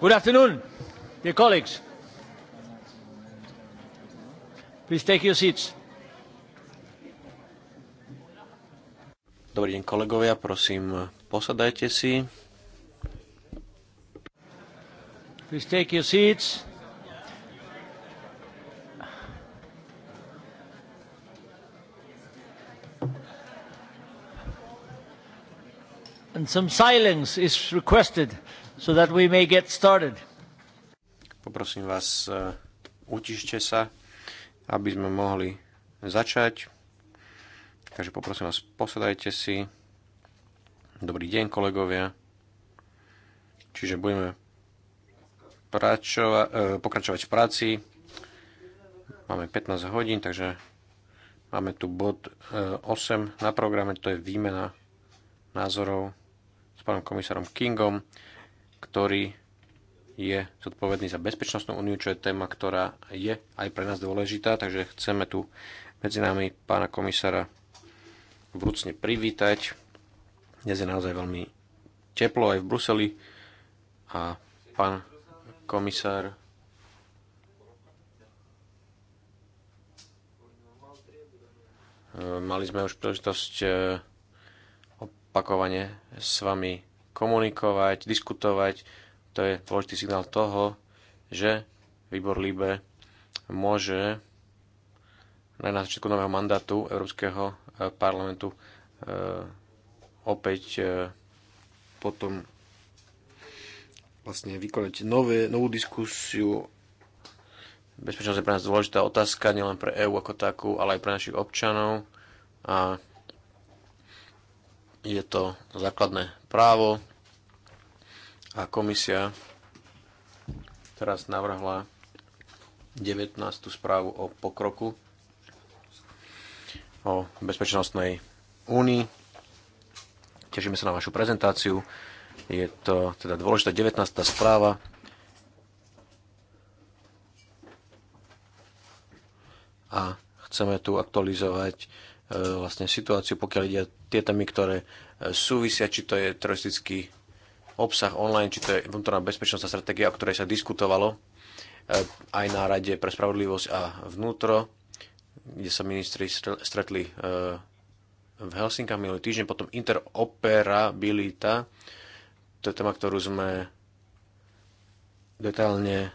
Good afternoon, dear colleagues. Please take your seats. Dobrý deň kolegovia, prosím, posadajte si. Please take your seats. and some silence is requested so that we may get started. Poprosím vás, eh, utište sa, aby sme mohli začať. Takže poprosím vás, posadajte si. Dobrý deň, kolegovia. Čiže budeme pračova, eh, pokračovať v práci. Máme 15 hodín, takže máme tu bod 8 eh, na programe, to je výmena názorov s pánom komisárom Kingom, ktorý je zodpovedný za bezpečnostnú úniu, čo je téma, ktorá je aj pre nás dôležitá, takže chceme tu medzi nami pána komisára vrúcne privítať. Dnes je naozaj veľmi teplo aj v Bruseli a pán komisár mali sme už príležitosť eh, opakovane s vami komunikovať, diskutovať. To je dôležitý signál toho, že výbor LIBE môže aj na začiatku nového mandátu Európskeho e, parlamentu e, opäť e, potom vlastne vykonať nové, novú diskusiu. Bezpečnosť je pre nás dôležitá otázka, nielen pre EÚ ako takú, ale aj pre našich občanov. A je to základné právo a komisia teraz navrhla 19. správu o pokroku o bezpečnostnej únii. Tešíme sa na vašu prezentáciu. Je to teda dôležitá 19. správa. A chceme tu aktualizovať E, vlastne situáciu, pokiaľ ide tie témy, ktoré e, súvisia, či to je teroristický obsah online, či to je vnútorná bezpečnostná stratégia, o ktorej sa diskutovalo e, aj na Rade pre spravodlivosť a vnútro, kde sa ministri stretli v Helsinkách minulý týždeň, potom interoperabilita, to je téma, ktorú sme detailne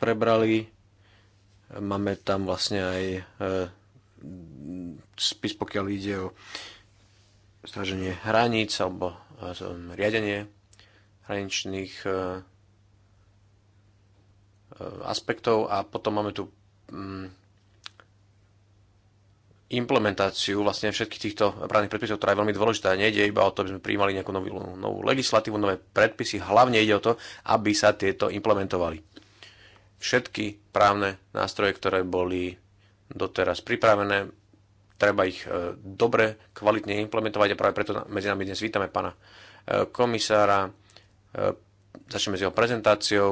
prebrali. Máme tam vlastne aj spis, pokiaľ ide o stráženie hraníc alebo e, riadenie hraničných e, e, aspektov a potom máme tu mm, implementáciu vlastne všetkých týchto právnych predpisov, ktorá je veľmi dôležitá. Nejde iba o to, aby sme prijímali nejakú novú, novú legislatívu, nové predpisy, hlavne ide o to, aby sa tieto implementovali. Všetky právne nástroje, ktoré boli doteraz pripravené, treba ich e, dobre, kvalitne implementovať a práve preto medzi nami dnes vítame pána e, komisára, e, začneme s jeho prezentáciou,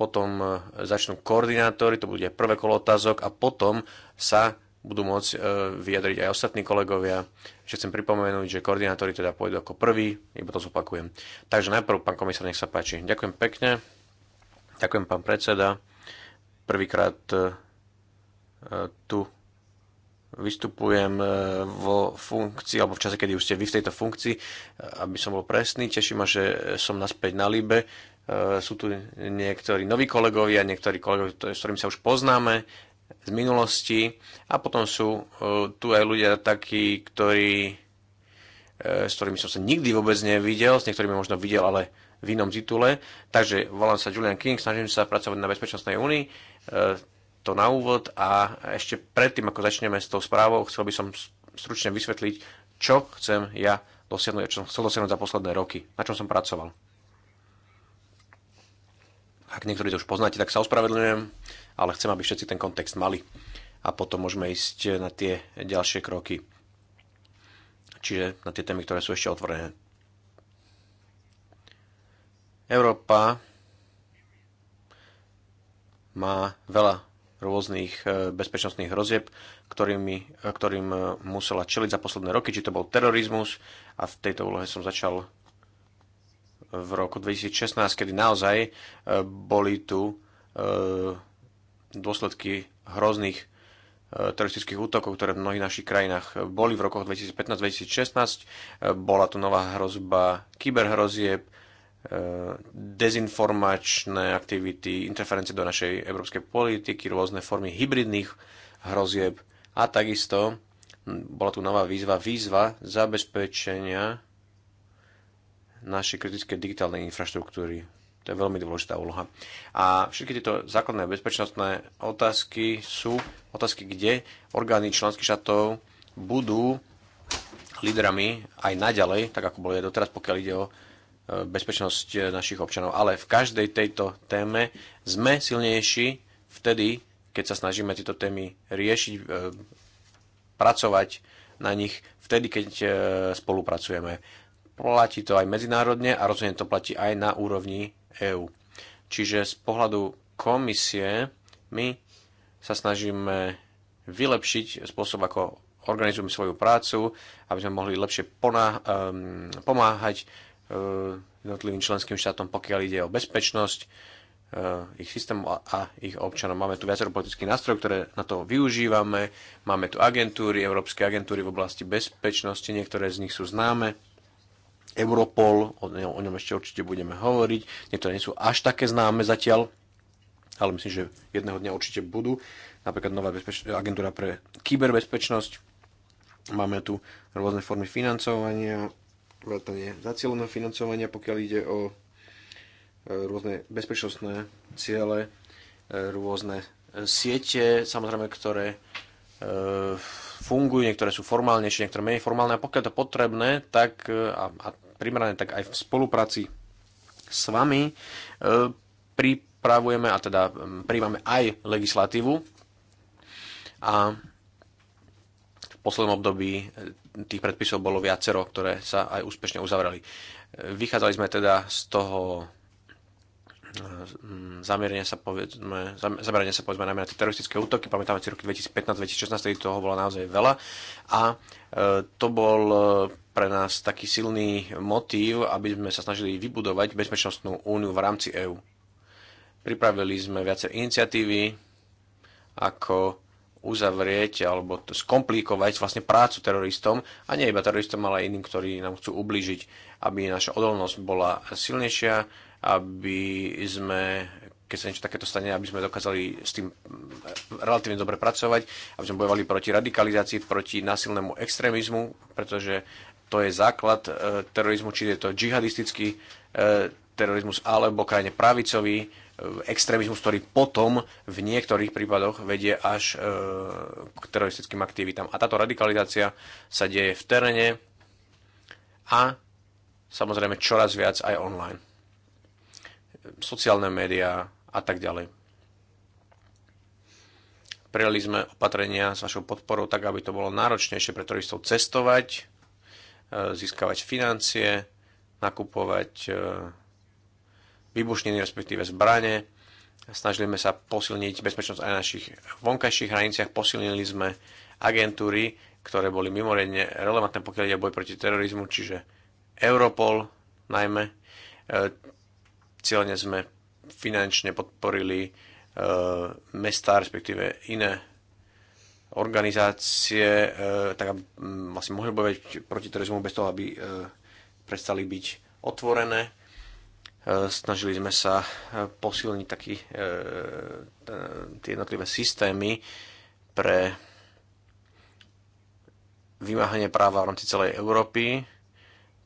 potom začnú koordinátory, to bude prvé kolo otázok a potom sa budú môcť vyjadriť aj ostatní kolegovia. Ešte chcem pripomenúť, že koordinátori teda pôjdu ako prvý, iba to zopakujem. Takže najprv, pán komisár, nech sa páči. Ďakujem pekne. Ďakujem, pán predseda. Prvýkrát tu vystupujem e, vo funkcii, alebo v čase, kedy už ste vy v tejto funkcii, e, aby som bol presný. Teším ma, že som naspäť na Libe. E, sú tu niektorí noví kolegovia, niektorí kolegovia, s ktorými sa už poznáme z minulosti. A potom sú tu aj ľudia takí, ktorí, s ktorými som sa nikdy vôbec nevidel, s niektorými možno videl, ale v inom titule. Takže volám sa Julian King, snažím sa pracovať na Bezpečnostnej únii to na úvod a ešte predtým, ako začneme s tou správou, chcel by som stručne vysvetliť, čo chcem ja dosiahnuť, čo som chcel dosiahnuť za posledné roky, na čom som pracoval. Ak niektorí to už poznáte, tak sa ospravedlňujem, ale chcem, aby všetci ten kontext mali. A potom môžeme ísť na tie ďalšie kroky. Čiže na tie témy, ktoré sú ešte otvorené. Európa má veľa rôznych e, bezpečnostných hrozieb, ktorými, e, ktorým e, musela čeliť za posledné roky, či to bol terorizmus a v tejto úlohe som začal v roku 2016, kedy naozaj boli tu dôsledky hrozných teroristických útokov, ktoré v mnohých našich krajinách boli v rokoch 2015-2016. Bola tu nová hrozba kyberhrozieb, dezinformačné aktivity, interferencie do našej európskej politiky, rôzne formy hybridných hrozieb a takisto bola tu nová výzva, výzva zabezpečenia našej kritické digitálnej infraštruktúry. To je veľmi dôležitá úloha. A všetky tieto základné bezpečnostné otázky sú otázky, kde orgány členských štátov budú lídrami aj naďalej, tak ako boli aj doteraz, pokiaľ ide o bezpečnosť eh, našich občanov. Ale v každej tejto téme sme silnejší vtedy, keď sa snažíme tieto témy riešiť, eh, pracovať na nich, vtedy, keď eh, spolupracujeme. Platí to aj medzinárodne a rozhodne to platí aj na úrovni EÚ. Čiže z pohľadu komisie my sa snažíme vylepšiť spôsob, ako organizujeme svoju prácu, aby sme mohli lepšie ehm, pomáhať E, jednotlivým členským štátom, pokiaľ ide o bezpečnosť e, ich systému a ich občanov. Máme tu viacero politických nástrojov, ktoré na to využívame. Máme tu agentúry, európske agentúry v oblasti bezpečnosti, niektoré z nich sú známe. Europol, o o ňom ešte určite budeme hovoriť. Niektoré nie sú až také známe zatiaľ, ale myslím, že jedného dňa určite budú. Napríklad nová agentúra pre kyberbezpečnosť. Máme tu rôzne formy financovania, vrátanie zacieleného financovania, pokiaľ ide o e, rôzne bezpečnostné ciele, e, rôzne e, siete, samozrejme, ktoré fungujú, niektoré sú formálnejšie, niektoré menej formálne a pokiaľ to potrebné, tak a, a primárne tak aj v spolupráci s vami pripravujeme a teda príjmame aj legislatívu a poslednom období e, tých predpisov bolo viacero, ktoré sa aj úspešne uzavreli. E, vychádzali sme teda z toho e, zamierenia sa povedzme, zamierenia sa povedzme najmä na tie teroristické útoky. Pamätáme si roky 2015-2016, tedy toho bolo naozaj veľa. A to bol pre nás taký silný motív, aby sme sa snažili vybudovať bezpečnostnú úniu v rámci EÚ. Pripravili sme viacej iniciatívy, ako uzavrieť alebo skomplikovať vlastne prácu teroristom a nie iba teroristom, ale aj iným, ktorí nám chcú ubližiť, aby naša odolnosť bola silnejšia, aby sme keď sa niečo takéto stane, aby sme dokázali s tým mm, relatívne dobre pracovať, aby sme bojovali proti radikalizácii, proti násilnému extrémizmu, pretože to je základ e, terorizmu, či je to džihadistický e, terorizmus alebo krajne pravicový extrémizmus, ktorý potom v niektorých prípadoch vedie až e, k teroristickým aktivitám. A táto radikalizácia sa deje v teréne a samozrejme čoraz viac aj online. Sociálne médiá a tak ďalej. Prijali sme opatrenia s vašou podporou tak, aby to bolo náročnejšie pre turistov cestovať, e, získavať financie, nakupovať e, výbušniny, respektíve zbranie. Snažili sme sa posilniť bezpečnosť aj na našich vonkajších hraniciach, posilnili sme agentúry, ktoré boli mimoriadne relevantné, pokiaľ ide boj proti terorizmu, čiže Europol najmä. E, Cielne sme finančne podporili e, mesta, respektíve iné organizácie, e, tak aby vlastne mohli bojovať proti terorizmu bez toho, aby prestali byť otvorené. Eh, snažili sme sa eh, posilniť taký, eh, tie jednotlivé systémy pre vymáhanie práva v rámci celej Európy.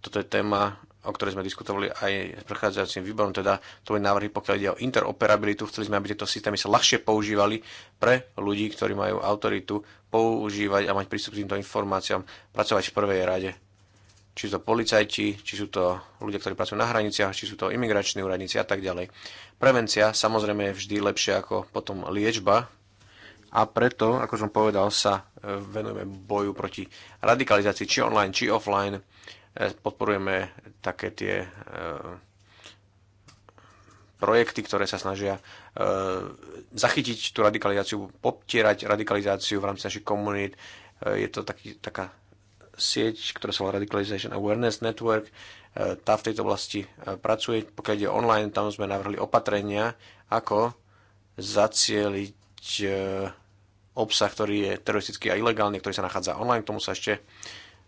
Toto je téma, o ktorej sme diskutovali aj s prechádzajúcim výborom, teda to je návrhy, pokiaľ ide o interoperabilitu. Chceli sme, aby tieto systémy sa ľahšie používali pre ľudí, ktorí majú autoritu používať a mať prístup k týmto informáciám, pracovať v prvej rade či sú to policajti, či sú to ľudia, ktorí pracujú na hraniciach, či sú to imigrační úradníci a tak ďalej. Prevencia samozrejme je vždy lepšia ako potom liečba a preto, ako som povedal, sa e, venujeme boju proti radikalizácii, či online, či offline. E, podporujeme také tie e, projekty, ktoré sa snažia zachytiť tú radikalizáciu, poptierať radikalizáciu v rámci našich komunít. Je to taký, taká sieť, ktorá sa volá Radicalization Awareness Network, e, tá v tejto oblasti e, pracuje. Pokiaľ ide online, tam sme navrhli opatrenia, ako zacieliť e, obsah, ktorý je teroristický a ilegálny, ktorý sa nachádza online. K tomu sa ešte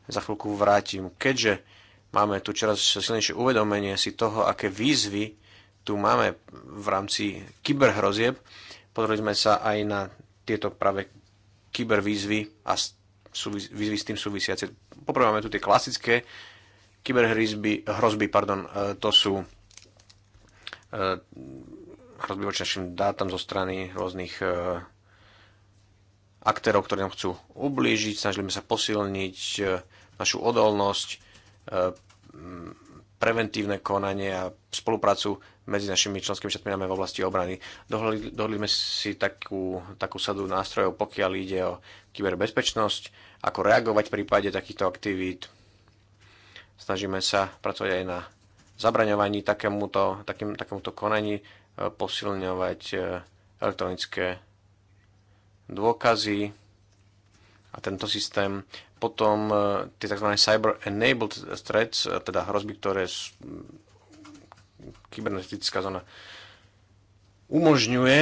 za chvíľku vrátim. Keďže máme tu čoraz silnejšie uvedomenie si toho, aké výzvy tu máme v rámci kyberhrozieb, pozreli sme sa aj na tieto práve kybervýzvy a výzvy s tým súvisiace. Poprvé máme tu tie klasické kyberhrozby, hrozby, pardon, e, to sú e, hrozby voči našim dátam zo strany rôznych e, aktérov, ktorí nám chcú ublížiť, snažíme sa posilniť našu odolnosť, preventívne konanie a spoluprácu medzi našimi členskými štátmi v oblasti obrany. Dohodli, dohodli sme si takú, takú sadu nástrojov, pokiaľ ide o kyberbezpečnosť, ako reagovať v prípade takýchto aktivít. Snažíme sa pracovať aj na zabraňovaní takémuto, takým, takémuto konaní, e, posilňovať e, elektronické dôkazy a tento systém potom e, tie tzv. cyber-enabled threats, e, teda hrozby, ktoré sú, kybernetická zóna umožňuje,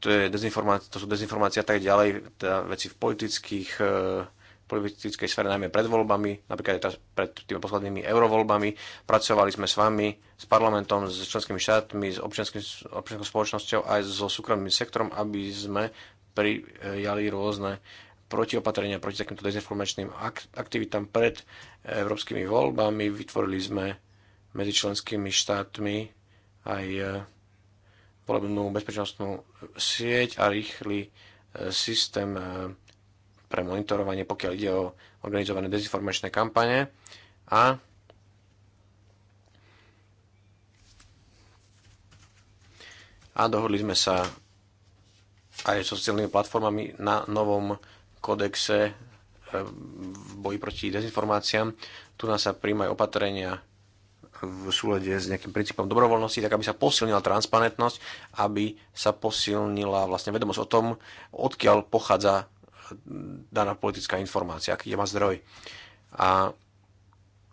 to, je to sú dezinformácie a tak ďalej, teda veci v politických, e, politickej sfére, najmä pred voľbami, napríklad aj teraz pred tými poslednými eurovoľbami. Pracovali sme s vami, s parlamentom, s členskými štátmi, s občianskou spoločnosťou aj so súkromným sektorom, aby sme prijali rôzne protiopatrenia proti takýmto dezinformačným aktivitám pred eh, európskymi voľbami. Vytvorili sme medzi členskými štátmi aj eh, volebnú bezpečnostnú sieť a rýchly eh, systém pre monitorovanie, pokiaľ ide o organizované dezinformačné kampane. A a dohodli sme sa aj so sociálnymi platformami na novom kodexe v e, boji proti dezinformáciám. Tu nás sa príjmajú opatrenia v súlede s nejakým princípom dobrovoľnosti, tak aby sa posilnila transparentnosť, aby sa posilnila vlastne vedomosť o tom, odkiaľ pochádza daná politická informácia, aký má zdroj. A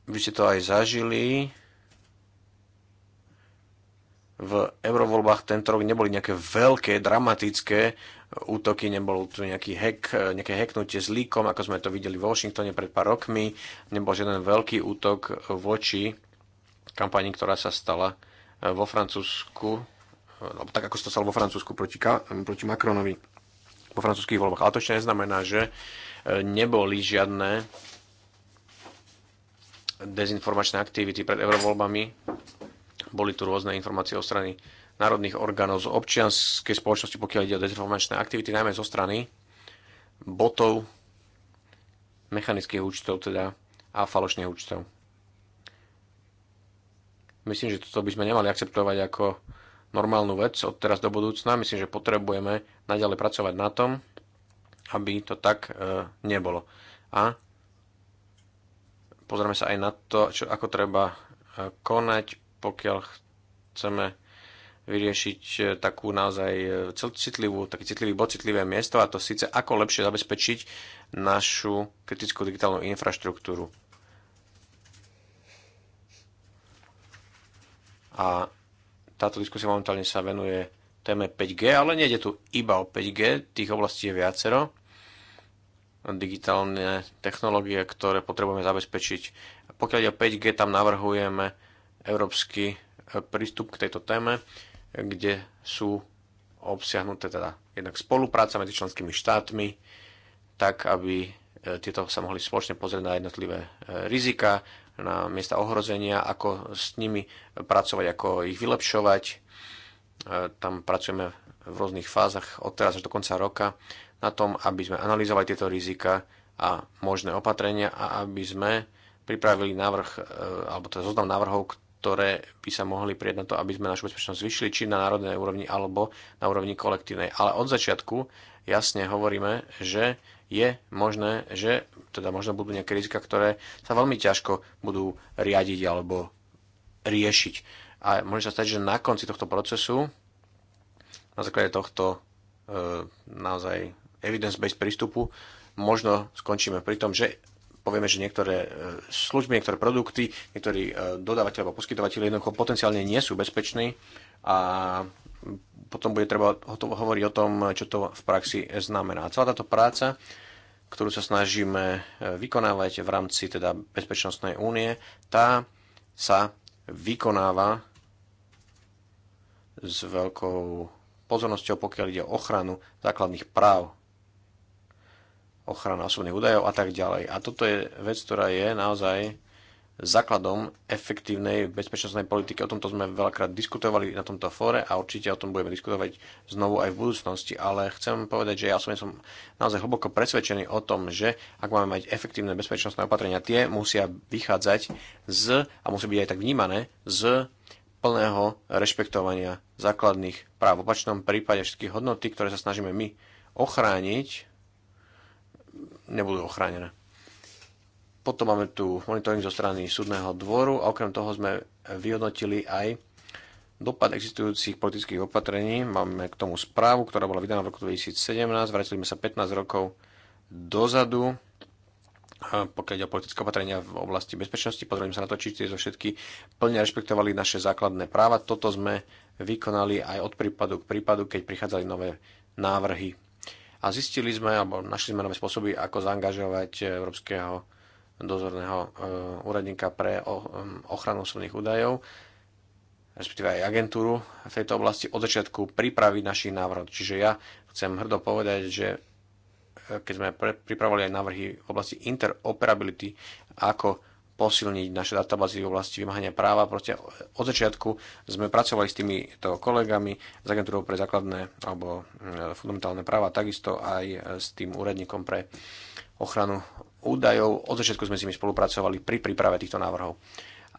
vy ste to aj zažili. V eurovoľbách tento rok neboli nejaké veľké, dramatické útoky, nebol tu nejaký hack, nejaké hacknutie s líkom, ako sme to videli v Washingtone pred pár rokmi, nebol žiaden veľký útok voči kampani, ktorá sa stala eh, vo Francúzsku, eh, alebo tak ako sa to stalo vo Francúzsku proti, eh, proti Macronovi vo francúzských voľbách. Ale to ešte neznamená, že neboli žiadne dezinformačné aktivity pred eurovoľbami. Boli tu rôzne informácie o strany národných orgánov, z občianskej spoločnosti, pokiaľ ide o dezinformačné aktivity, najmä zo strany botov, mechanických účtov teda a falošných účtov. Myslím, že toto by sme nemali akceptovať ako normálnu vec od teraz do budúcna. Myslím, že potrebujeme naďalej pracovať na tom, aby to tak e, nebolo. A pozrieme sa aj na to, čo, ako treba e, konať, pokiaľ chceme vyriešiť e, takú naozaj e, citlivú, taký citlivý bod, citlivé miesto a to síce ako lepšie zabezpečiť našu kritickú digitálnu infraštruktúru. A táto diskusia momentálne sa venuje téme 5G, ale nejde tu iba o 5G, tých oblastí je viacero. Digitálne technológie, ktoré potrebujeme zabezpečiť. Pokiaľ ide o 5G, tam navrhujeme európsky e, prístup k tejto téme kde sú obsiahnuté teda jednak spolupráca medzi členskými štátmi, tak aby e, tieto sa mohli spoločne pozrieť na jednotlivé e, rizika, na miesta ohrozenia, ako s nimi pracovať, ako ich vylepšovať. E, tam pracujeme v rôznych fázach od teraz až do konca roka na tom, aby sme analyzovali tieto rizika a možné opatrenia a aby sme pripravili návrh, alebo teda zoznam návrhov, ktoré by sa mohli prieť na to, aby sme našu bezpečnosť zvyšili, či na národnej úrovni, alebo na úrovni kolektívnej. Ale od začiatku jasne hovoríme, že je možné, že teda možno budú nejaké rizika, ktoré sa veľmi ťažko budú riadiť alebo riešiť. A môže sa stať, že na konci tohto procesu, na základe tohto e, naozaj evidence-based prístupu, možno skončíme pri tom, že povieme, že niektoré e, služby, niektoré produkty, niektorí e, dodávateľ alebo poskytovateľ jednoducho potenciálne nie sú bezpeční a potom bude treba hovoriť o tom, čo to v praxi znamená. celá táto práca, ktorú sa snažíme e, vykonávať v rámci teda Bezpečnostnej únie, tá sa vykonáva s veľkou pozornosťou, pokiaľ ide o ochranu základných práv ochrana osobných údajov a tak ďalej. A toto je vec, ktorá je naozaj základom efektívnej bezpečnostnej politiky. O tomto sme veľakrát diskutovali na tomto fóre a určite o tom budeme diskutovať znovu aj v budúcnosti, ale chcem povedať, že ja som, som naozaj hlboko presvedčený o tom, že ak máme mať efektívne bezpečnostné opatrenia, tie musia vychádzať z, a musí byť aj tak vnímané, z plného rešpektovania základných práv. V opačnom prípade všetky hodnoty, ktoré sa snažíme my ochrániť, nebudú ochránené. Potom máme tu monitoring zo strany súdneho dvoru a okrem toho sme vyhodnotili aj dopad existujúcich politických opatrení. Máme k tomu správu, ktorá bola vydaná v roku 2017. Vrátili sme sa 15 rokov dozadu, pokiaľ ide o politické opatrenia v oblasti bezpečnosti. Pozreli sa na to, či zo všetky plne rešpektovali naše základné práva. Toto sme vykonali aj od prípadu k prípadu, keď prichádzali nové návrhy a zistili sme, alebo našli sme nové spôsoby, ako zaangažovať európskeho dozorného e, úradníka pre ochranu osobných údajov, respektíve aj agentúru v tejto oblasti od začiatku pripraviť našich návrhov. Čiže ja chcem hrdo povedať, že e, keď sme pripravovali aj návrhy v oblasti interoperability, ako posilniť naše databázy v oblasti vymáhania práva. Proste od začiatku sme pracovali s týmito kolegami z agentúrou pre základné alebo e, fundamentálne práva, takisto aj e, s tým úradníkom pre ochranu údajov. Od začiatku sme s nimi spolupracovali pri príprave týchto návrhov.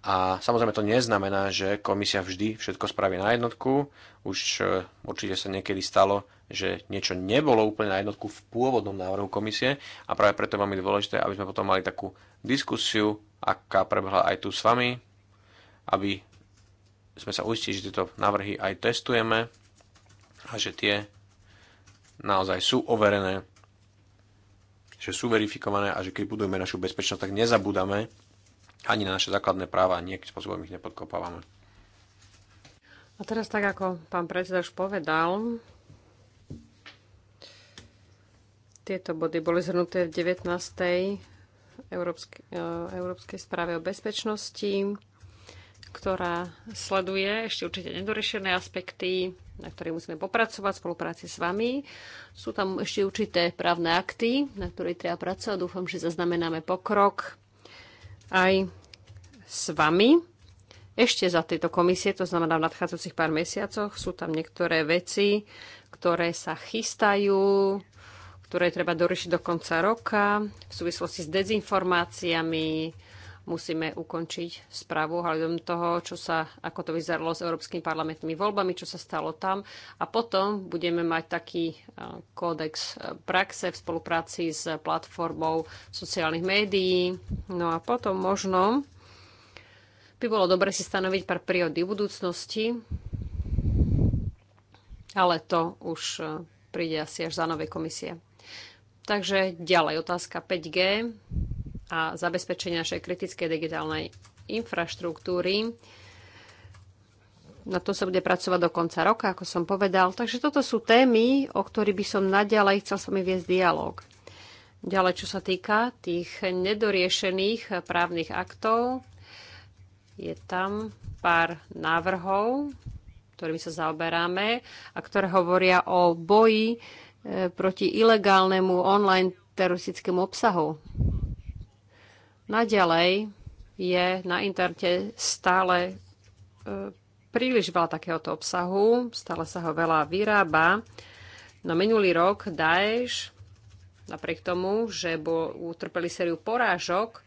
A samozrejme to neznamená, že komisia vždy všetko spraví na jednotku. Už e, určite sa niekedy stalo, že niečo nebolo úplne na jednotku v pôvodnom návrhu komisie a práve preto je veľmi dôležité, aby sme potom mali takú diskusiu aká prebehla aj tu s vami, aby sme sa uistili, že tieto návrhy aj testujeme a že tie naozaj sú overené, že sú verifikované a že keď budujeme našu bezpečnosť, tak nezabúdame ani na naše základné práva a nejakým spôsobom ich nepodkopávame. A teraz tak, ako pán predseda už povedal, tieto body boli zhrnuté v 19. Európskej, e, Európskej správe o bezpečnosti, ktorá sleduje ešte určite nedorešené aspekty, na ktorých musíme popracovať v spolupráci s vami. Sú tam ešte určité právne akty, na ktorých treba pracovať. Dúfam, že zaznamenáme pokrok aj s vami. Ešte za tejto komisie, to znamená v nadchádzajúcich pár mesiacoch, sú tam niektoré veci, ktoré sa chystajú, ktoré treba doriešiť do konca roka. V súvislosti s dezinformáciami musíme ukončiť správu hľadom toho, čo sa, ako to vyzeralo s európskymi parlamentnými voľbami, čo sa stalo tam. A potom budeme mať taký eh, kódex eh, praxe v spolupráci s platformou sociálnych médií. No a potom možno by bolo dobre si stanoviť pár v budúcnosti, ale to už eh, príde asi až za nové komisie. Takže ďalej otázka 5G a zabezpečenie našej kritickej digitálnej infraštruktúry. Na to sa bude pracovať do konca roka, ako som povedal. Takže toto sú témy, o ktorých by som naďalej chcel s vami viesť dialog. Ďalej, čo sa týka tých nedoriešených právnych aktov, je tam pár návrhov, ktorými sa zaoberáme a ktoré hovoria o boji E, proti ilegálnemu online teroristickému obsahu. Naďalej je na internete stále e, príliš veľa takéhoto obsahu, stále sa ho veľa vyrába. No minulý rok Daesh, napriek tomu, že bol, utrpeli sériu porážok,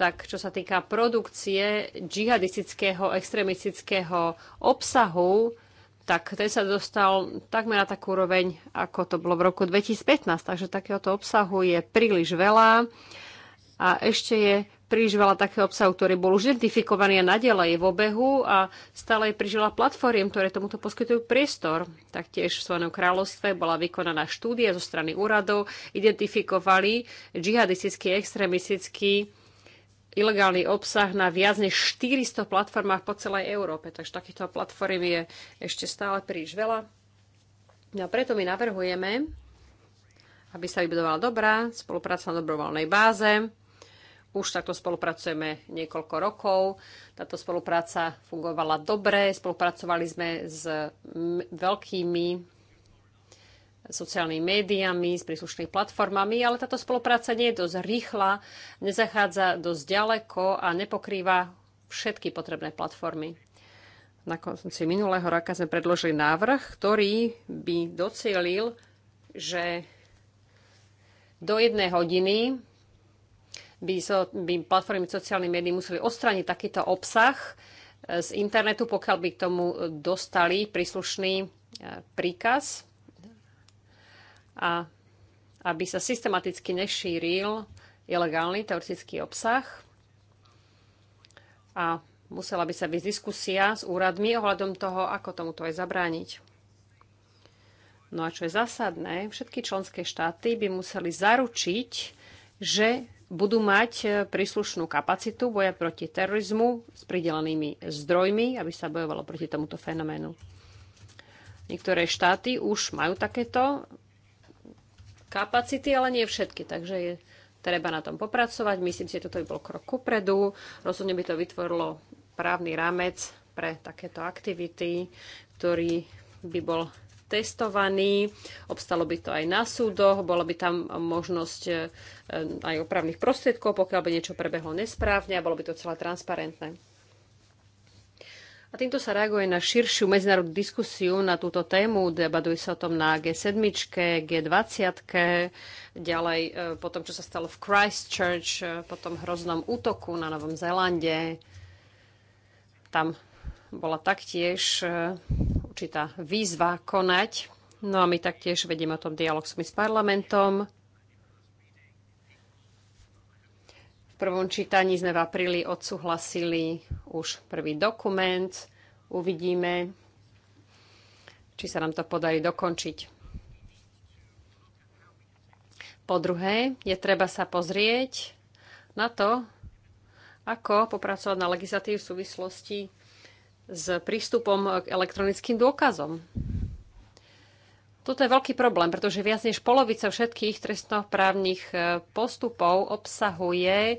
tak čo sa týka produkcie džihadistického, extremistického obsahu, tak ten sa dostal takmer na takú úroveň, ako to bolo v roku 2015. Takže takéhoto obsahu je príliš veľa a ešte je príliš veľa takého obsahu, ktorý bol už identifikovaný a nadalej je v obehu a stále je prižila platformiem, ktoré tomuto poskytujú priestor. Taktiež v Svojom kráľovstve bola vykonaná štúdia zo strany úradov, identifikovali džihadistický, extrémistický ilegálny obsah na viac než 400 platformách po celej Európe. Takže takýchto platform je ešte stále príliš veľa. No a preto my navrhujeme, aby sa vybudovala dobrá spolupráca na dobrovoľnej báze. Už takto spolupracujeme niekoľko rokov. Táto spolupráca fungovala dobre. Spolupracovali sme s veľkými sociálnymi médiami, s príslušnými platformami, ale táto spolupráca nie je dosť rýchla, nezachádza dosť ďaleko a nepokrýva všetky potrebné platformy. Na konci minulého roka sme predložili návrh, ktorý by docielil, že do jednej hodiny by, so, by platformy sociálnych médií museli odstrániť takýto obsah e, z internetu, pokiaľ by k tomu dostali príslušný e, príkaz a aby sa systematicky nešíril ilegálny teoretický obsah. A musela by sa byť diskusia s úradmi ohľadom toho, ako tomuto aj zabrániť. No a čo je zásadné, všetky členské štáty by museli zaručiť, že budú mať e, príslušnú kapacitu boja proti terorizmu s pridelenými zdrojmi, aby sa bojovalo proti tomuto fenoménu. Niektoré štáty už majú takéto kapacity, ale nie všetky. Takže je treba na tom popracovať. Myslím si, že toto by bol krok kupredu. Rozhodne by to vytvorilo právny rámec pre takéto aktivity, ktorý by bol testovaný, obstalo by to aj na súdoch, bola by tam možnosť eh, aj opravných prostriedkov, pokiaľ by niečo prebehlo nesprávne a bolo by to celé transparentné. A týmto sa reaguje na širšiu medzinárodnú diskusiu na túto tému. Debatuje sa o tom na G7, G20, ďalej e, po tom, čo sa stalo v Christchurch, e, po tom hroznom útoku na Novom Zélande. Tam bola taktiež e, určitá výzva konať. No a my taktiež vedieme o tom dialog s parlamentom. prvom čítaní sme v apríli odsúhlasili už prvý dokument. Uvidíme, či sa nám to podarí dokončiť. Po druhé, je treba sa pozrieť na to, ako popracovať na legislatív v súvislosti s prístupom k elektronickým dôkazom. Toto je veľký problém, pretože viac než polovica všetkých trestnoprávnych e, postupov obsahuje e,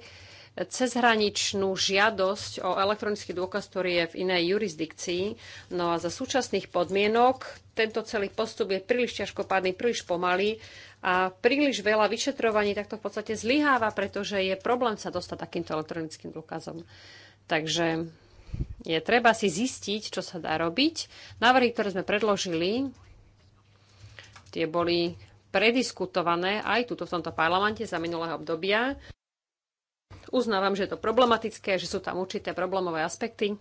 cezhraničnú žiadosť o elektronický dôkaz, ktorý je v inej jurisdikcii. No a za súčasných podmienok tento celý postup je príliš ťažkopádny, príliš pomalý a príliš veľa vyšetrovaní takto v podstate zlyháva, pretože je problém sa dostať takýmto elektronickým dôkazom. Takže je treba si zistiť, čo sa dá robiť. Návrhy, ktoré sme predložili, Tie boli prediskutované aj tuto v tomto parlamente za minulého obdobia. Uznávam, že je to problematické, že sú tam určité problémové aspekty,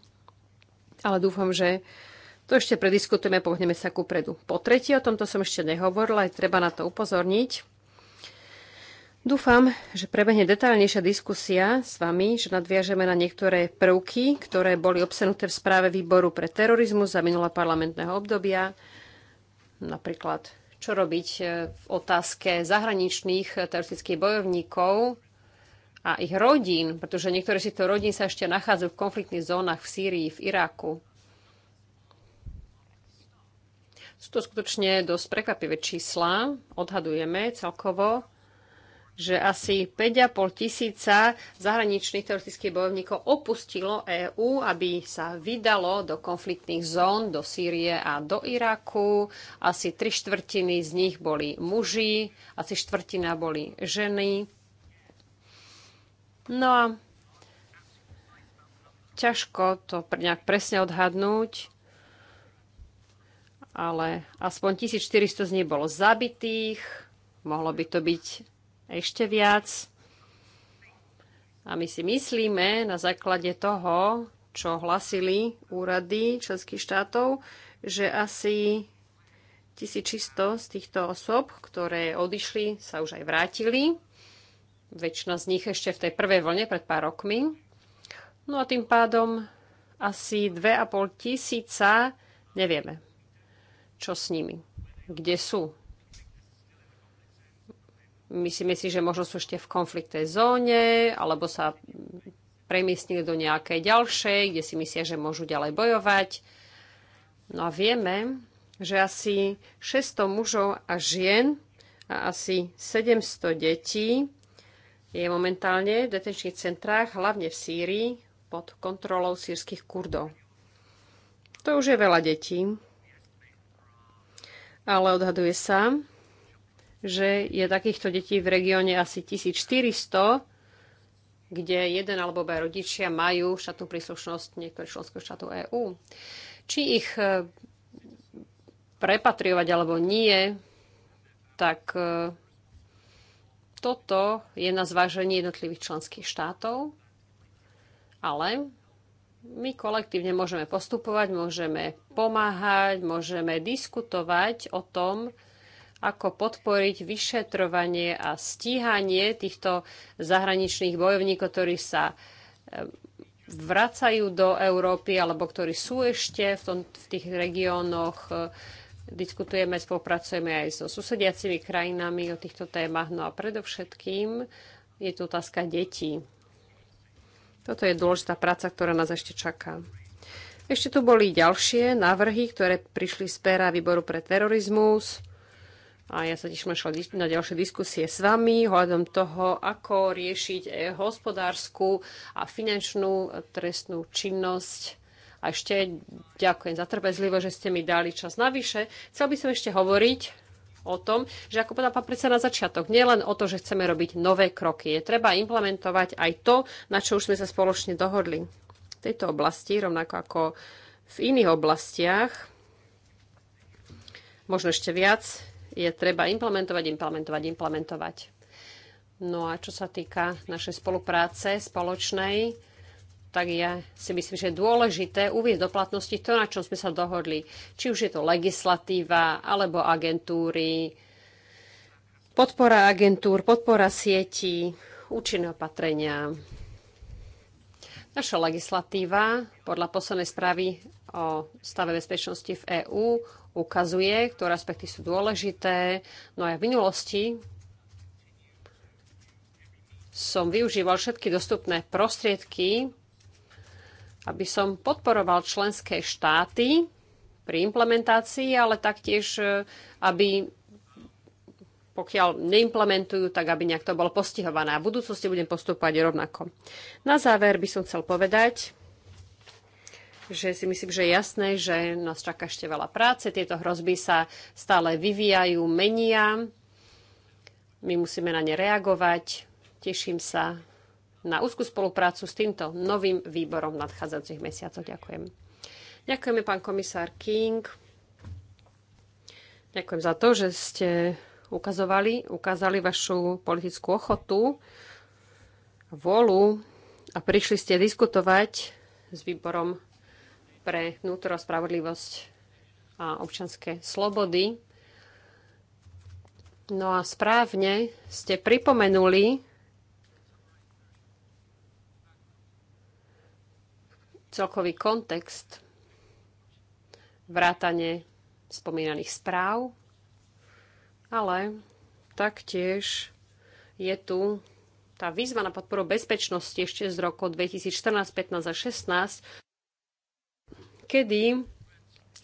ale dúfam, že to ešte prediskutujeme, pohneme sa ku predu. Po tretie, o tomto som ešte nehovorila, aj treba na to upozorniť. Dúfam, že prebehne detaľnejšia diskusia s vami, že nadviažeme na niektoré prvky, ktoré boli obsenuté v správe výboru pre terorizmus za minulé parlamentného obdobia, napríklad čo robiť e, v otázke zahraničných e, teroristických bojovníkov a ich rodín, pretože niektoré z týchto rodín sa ešte nachádzajú v konfliktných zónach v Sýrii, v Iraku. Sú to skutočne dosť prekvapivé čísla, odhadujeme celkovo že asi 5,5 tisíca zahraničných teroristických bojovníkov opustilo EÚ, aby sa vydalo do konfliktných zón, do Sýrie a do Iraku. Asi tri štvrtiny z nich boli muži, asi štvrtina boli ženy. No a ťažko to nejak presne odhadnúť, ale aspoň 1400 z nich bolo zabitých, mohlo by to byť ešte viac. A my si myslíme na základe toho, čo hlasili úrady členských štátov, že asi 1600 z týchto osob, ktoré odišli, sa už aj vrátili. Väčšina z nich ešte v tej prvej vlne pred pár rokmi. No a tým pádom asi 2,5 tisíca nevieme, čo s nimi, kde sú. Myslíme si, že možno sú ešte v konfliktnej zóne, alebo sa premiestnili do nejakej ďalšej, kde si myslia, že môžu ďalej bojovať. No a vieme, že asi 600 mužov a žien a asi 700 detí je momentálne v detenčných centrách, hlavne v Sýrii, pod kontrolou sírskych kurdov. To už je veľa detí, ale odhaduje sa, že je takýchto detí v regióne asi 1400, kde jeden alebo obaj rodičia majú štátnu príslušnosť niektorých členských štátov EÚ. Či ich e, prepatriovať alebo nie, tak e, toto je na zváženie jednotlivých členských štátov, ale my kolektívne môžeme postupovať, môžeme pomáhať, môžeme diskutovať o tom, ako podporiť vyšetrovanie a stíhanie týchto zahraničných bojovníkov, ktorí sa eh, vracajú do Európy alebo ktorí sú ešte v, tom, v tých regiónoch. Diskutujeme, spolupracujeme aj so susediacimi krajinami o týchto témach. No a predovšetkým je tu otázka detí. Toto je dôležitá práca, ktorá nás ešte čaká. Ešte tu boli ďalšie návrhy, ktoré prišli z péra výboru pre terorizmus a ja sa tiež mašla na ďalšie diskusie s vami hľadom toho, ako riešiť eh, hospodárskú a finančnú eh, trestnú činnosť. A ešte ďakujem za trpezlivo, že ste mi dali čas navyše. Chcel by som ešte hovoriť o tom, že ako povedal pán predseda na začiatok, nie len o to, že chceme robiť nové kroky. Je treba implementovať aj to, na čo už sme sa spoločne dohodli v tejto oblasti, rovnako ako v iných oblastiach, možno ešte viac, je treba implementovať, implementovať, implementovať. No a čo sa týka našej spolupráce spoločnej, tak ja si myslím, že je dôležité uvieť do platnosti to, na čom sme sa dohodli. Či už je to legislatíva, alebo agentúry, podpora agentúr, podpora sietí, účinné opatrenia. Naša legislatíva podľa poslednej správy o stave bezpečnosti v EÚ ukazuje, ktoré aspekty sú dôležité. No aj v minulosti som využíval všetky dostupné prostriedky, aby som podporoval členské štáty pri implementácii, ale taktiež, eh, aby pokiaľ neimplementujú, tak aby nejak to bolo postihované. A v budúcnosti budem postúpať rovnako. Na záver by som chcel povedať, že si myslím, že je jasné, že nás čaká ešte veľa práce. Tieto hrozby sa stále vyvíjajú, menia. My musíme na ne reagovať. Teším sa na úzkú spoluprácu s týmto novým výborom nadchádzajúcich mesiacov. Ďakujem. Ďakujeme, pán komisár King. Ďakujem za to, že ste ukazovali, ukázali vašu politickú ochotu, volu a prišli ste diskutovať s výborom pre vnútro, spravodlivosť a občanské slobody. No a správne ste pripomenuli celkový kontext vrátane spomínaných správ, ale taktiež je tu tá výzva na podporu bezpečnosti ešte z roku 2014, 15 a 16 kedy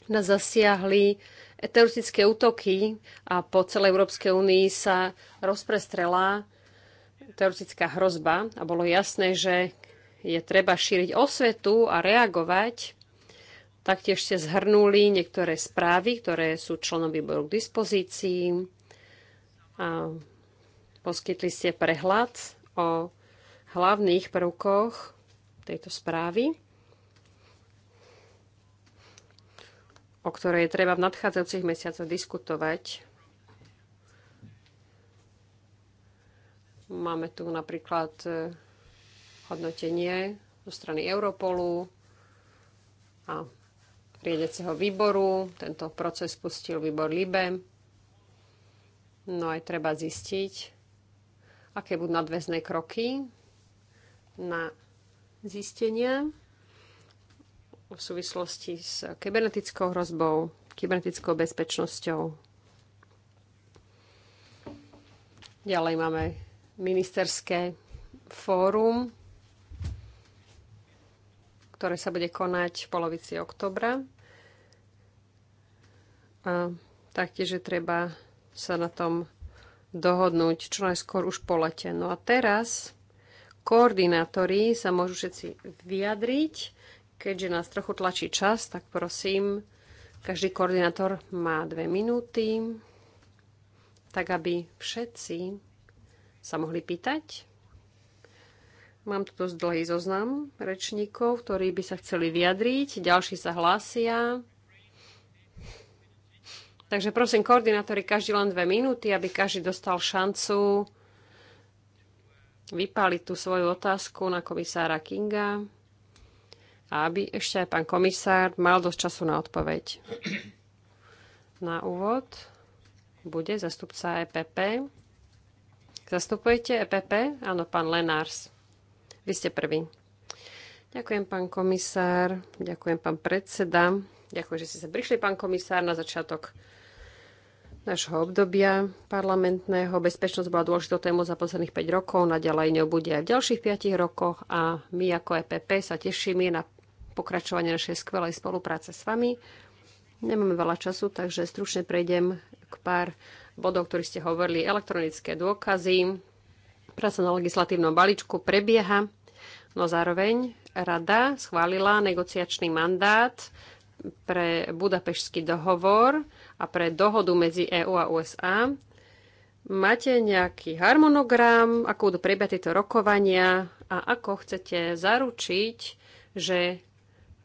nás zasiahli teroristické útoky a po celej Európskej únii sa rozprestrela teroristická hrozba a bolo jasné, že je treba šíriť osvetu a reagovať. Taktiež ste zhrnuli niektoré správy, ktoré sú členom výboru k dispozícii a poskytli ste prehľad o hlavných prvkoch tejto správy. o ktorej je treba v nadchádzajúcich mesiacoch diskutovať. Máme tu napríklad e, hodnotenie zo strany Europolu a riedeceho výboru. Tento proces spustil výbor LIBE. No aj treba zistiť, aké budú nadväzné kroky na zistenia v súvislosti s kybernetickou hrozbou, kybernetickou bezpečnosťou. Ďalej máme ministerské fórum, ktoré sa bude konať v polovici oktobra. A taktiež je treba sa na tom dohodnúť čo najskôr už po lete. No a teraz koordinátori sa môžu všetci vyjadriť Keďže nás trochu tlačí čas, tak prosím, každý koordinátor má dve minúty, tak aby všetci sa mohli pýtať. Mám tu dosť dlhý zoznam rečníkov, ktorí by sa chceli vyjadriť. Ďalší sa hlásia. Takže prosím, koordinátori, každý len dve minúty, aby každý dostal šancu vypáliť tú svoju otázku na komisára Kinga a aby ešte aj pán komisár mal dosť času na odpoveď. Na úvod bude zastupca EPP. Zastupujete EPP? Áno, pán Lenárs. Vy ste prvý. Ďakujem, pán komisár. Ďakujem, pán predseda. Ďakujem, že ste sa prišli, pán komisár, na začiatok nášho obdobia parlamentného. Bezpečnosť bola dôležitou tému za posledných 5 rokov, naďalej ňou bude aj v ďalších 5 rokoch a my ako EPP sa tešíme na pokračovanie našej skvelej spolupráce s vami. Nemáme veľa času, takže stručne prejdem k pár bodov, ktorých ste hovorili. Elektronické dôkazy, práca na legislatívnom balíčku prebieha, no zároveň rada schválila negociačný mandát pre Budapešský dohovor a pre dohodu medzi EÚ a USA. Máte nejaký harmonogram, ako budú prebiehať tieto rokovania a ako chcete zaručiť, že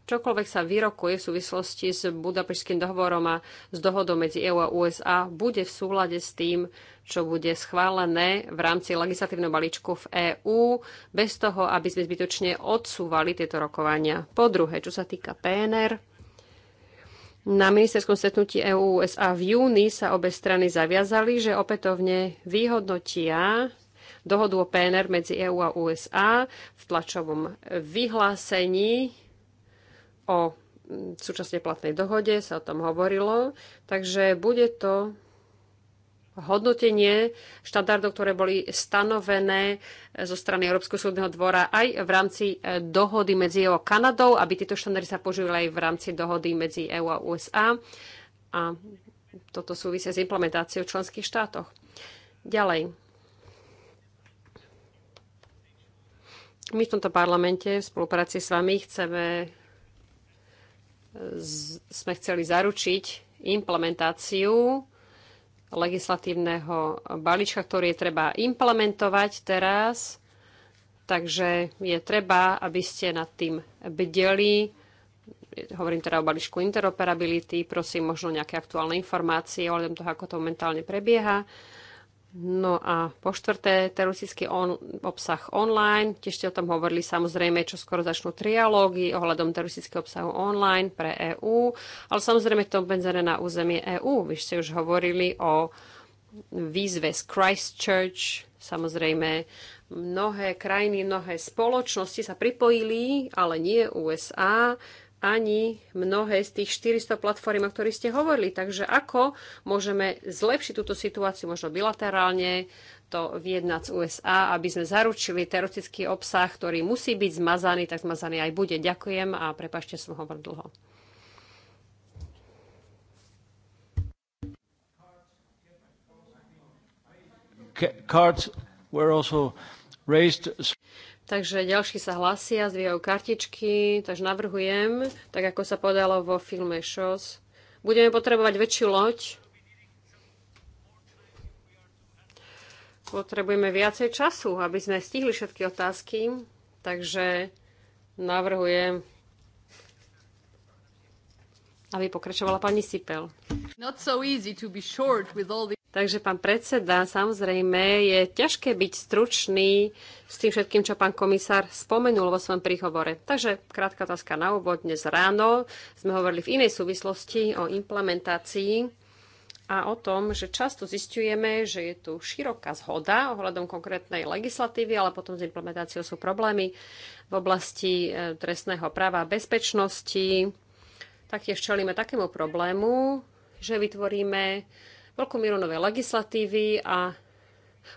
čokoľvek sa vyrokuje v súvislosti s Budapešským dohovorom a s dohodou medzi EU a USA, bude v súlade s tým, čo bude schválené v rámci legislatívneho balíčku v EÚ, bez toho, aby sme zbytočne odsúvali tieto rokovania. Po druhé, čo sa týka PNR, na ministerskom stretnutí EU USA v júni sa obe strany zaviazali, že opätovne vyhodnotia dohodu o PNR medzi EÚ a USA v tlačovom vyhlásení o mm, súčasne platnej dohode, sa o tom hovorilo, takže bude to hodnotenie štandardov, ktoré boli stanovené zo strany Európskeho súdneho dvora aj v rámci e, dohody medzi EU a Kanadou, aby tieto štandardy sa používali aj v rámci dohody medzi EU a USA. A toto súvisia s implementáciou v členských štátoch. Ďalej. My v tomto parlamente v spolupráci s vami chceme sme chceli zaručiť implementáciu legislatívneho balíčka, ktorý je treba implementovať teraz. Takže je treba, aby ste nad tým bdeli. Hovorím teda o balíčku interoperability. Prosím možno nejaké aktuálne informácie o tom toho, ako to momentálne prebieha. No a po štvrté, teroristický on, obsah online. Tiež ste o tom hovorili samozrejme, čo skoro začnú trialógy ohľadom teroristického obsahu online pre EÚ, ale samozrejme to obmedzené na územie EÚ. Vy ste už hovorili o výzve z Christchurch. Samozrejme, mnohé krajiny, mnohé spoločnosti sa pripojili, ale nie USA ani mnohé z tých 400 platform, o ktorých ste hovorili. Takže ako môžeme zlepšiť túto situáciu, možno bilaterálne to vyjednať z USA, aby sme zaručili teroristický obsah, ktorý musí byť zmazaný, tak zmazaný aj bude. Ďakujem a prepašte, som hovoril dlho. Cards were also raised. Takže ďalší sa hlásia, zvíjajú kartičky, takže navrhujem, tak ako sa podalo vo filme Shows. Budeme potrebovať väčšiu loď. Potrebujeme viacej času, aby sme stihli všetky otázky. Takže navrhujem, aby pokračovala pani Sipel. Not so easy to be short with all the... Takže, pán predseda, samozrejme je ťažké byť stručný s tým všetkým, čo pán komisár spomenul vo svojom príhovore. Takže krátka otázka na úvod. Dnes ráno sme hovorili v inej súvislosti o implementácii a o tom, že často zistujeme, že je tu široká zhoda ohľadom konkrétnej legislatívy, ale potom s implementáciou sú problémy v oblasti e, trestného práva a bezpečnosti. Taktiež čelíme takému problému, že vytvoríme veľkú mieru novej legislatívy a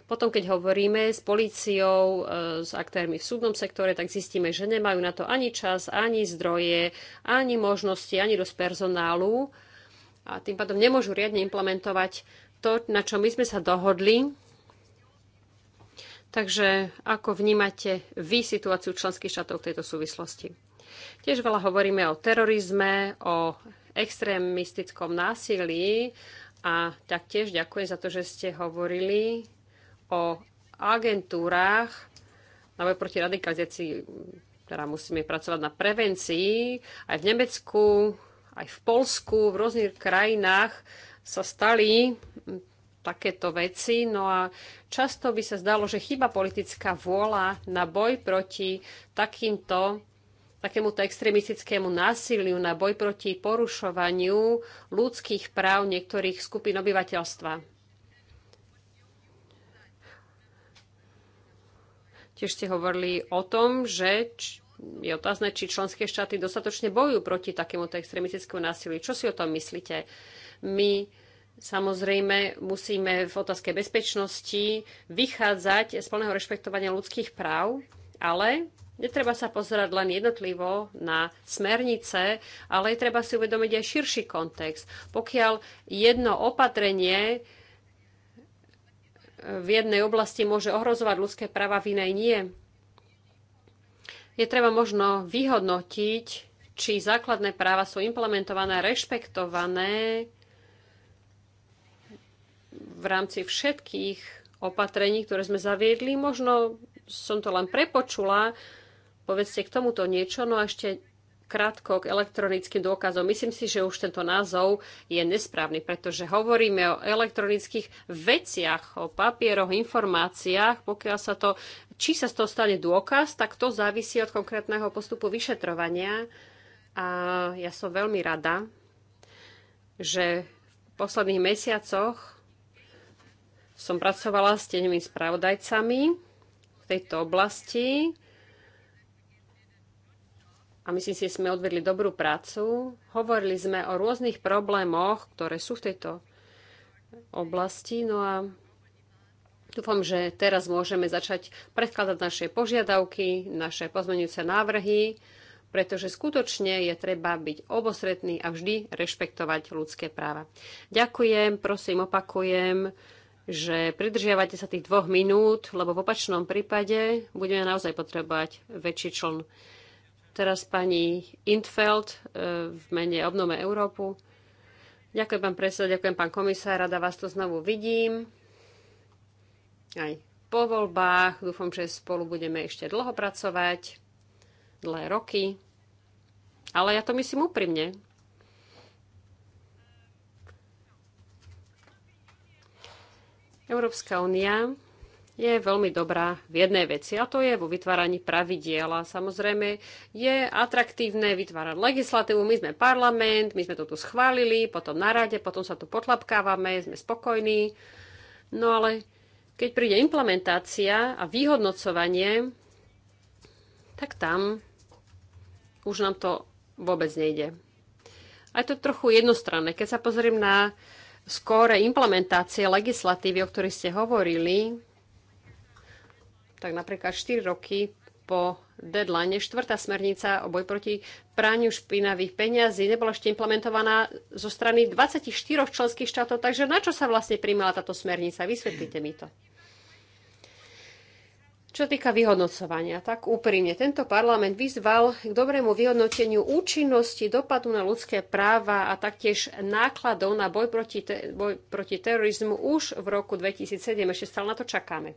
potom, keď hovoríme s políciou, e, s aktérmi v súdnom sektore, tak zistíme, že nemajú na to ani čas, ani zdroje, ani možnosti, ani dosť personálu a tým pádom nemôžu riadne implementovať to, na čo my sme sa dohodli. Takže ako vnímate vy situáciu členských štátov v tejto súvislosti? Tiež veľa hovoríme o terorizme, o extrémistickom násilí, a taktiež ďakujem za to, že ste hovorili o agentúrách na boj proti radikalizácii, teda musíme pracovať na prevencii. Aj v Nemecku, aj v Polsku, v rôznych krajinách sa stali takéto veci. No a často by sa zdalo, že chyba politická vôľa na boj proti takýmto takémuto extrémistickému násiliu, na boj proti porušovaniu ľudských práv niektorých skupín obyvateľstva. Tiež ste hovorili o tom, že je otázne, či členské štáty dostatočne bojujú proti takémuto extrémistickému násiliu. Čo si o tom myslíte? My samozrejme musíme v otázke bezpečnosti vychádzať z plného rešpektovania ľudských práv, ale Netreba sa pozerať len jednotlivo na smernice, ale je treba si uvedomiť aj širší kontext. Pokiaľ jedno opatrenie v jednej oblasti môže ohrozovať ľudské práva, v inej nie, je treba možno vyhodnotiť, či základné práva sú implementované, rešpektované v rámci všetkých opatrení, ktoré sme zaviedli. Možno som to len prepočula, Povedzte k tomuto niečo, no a ešte krátko k elektronickým dôkazom. Myslím si, že už tento názov je nesprávny, pretože hovoríme o elektronických veciach, o papieroch, informáciách. Pokiaľ sa to, či sa z toho stane dôkaz, tak to závisí od konkrétneho postupu vyšetrovania. A ja som veľmi rada, že v posledných mesiacoch som pracovala s tenými spravodajcami v tejto oblasti a myslím si, že sme odvedli dobrú prácu. Hovorili sme o rôznych problémoch, ktoré sú v tejto oblasti. No a dúfam, že teraz môžeme začať predkladať naše požiadavky, naše pozmenujúce návrhy, pretože skutočne je treba byť obosretný a vždy rešpektovať ľudské práva. Ďakujem, prosím, opakujem, že pridržiavate sa tých dvoch minút, lebo v opačnom prípade budeme naozaj potrebovať väčší čln Teraz pani Intfeld e, v mene Obnome Európu. Ďakujem, pán predseda, ďakujem, pán komisár, rada vás to znovu vidím. Aj po voľbách. Dúfam, že spolu budeme ešte dlho pracovať, dlhé roky. Ale ja to myslím úprimne. Európska únia je veľmi dobrá v jednej veci a to je vo vytváraní pravidiel a samozrejme je atraktívne vytvárať legislatívu. My sme parlament, my sme to tu schválili, potom na rade, potom sa tu potlapkávame, sme spokojní. No ale keď príde implementácia a vyhodnocovanie, tak tam už nám to vôbec nejde. A je to trochu jednostranné. Keď sa pozriem na skóre implementácie legislatívy, o ktorej ste hovorili, tak napríklad 4 roky po deadline štvrtá smernica o boj proti praniu špinavých peňazí nebola ešte implementovaná zo strany 24 členských štátov, takže na čo sa vlastne príjmala táto smernica? Vysvetlite mi to. Čo týka vyhodnocovania, tak úprimne tento parlament vyzval k dobrému vyhodnoteniu účinnosti dopadu na ľudské práva a taktiež nákladov na boj proti, te, boj proti terorizmu už v roku 2007. Ešte stále na to čakáme.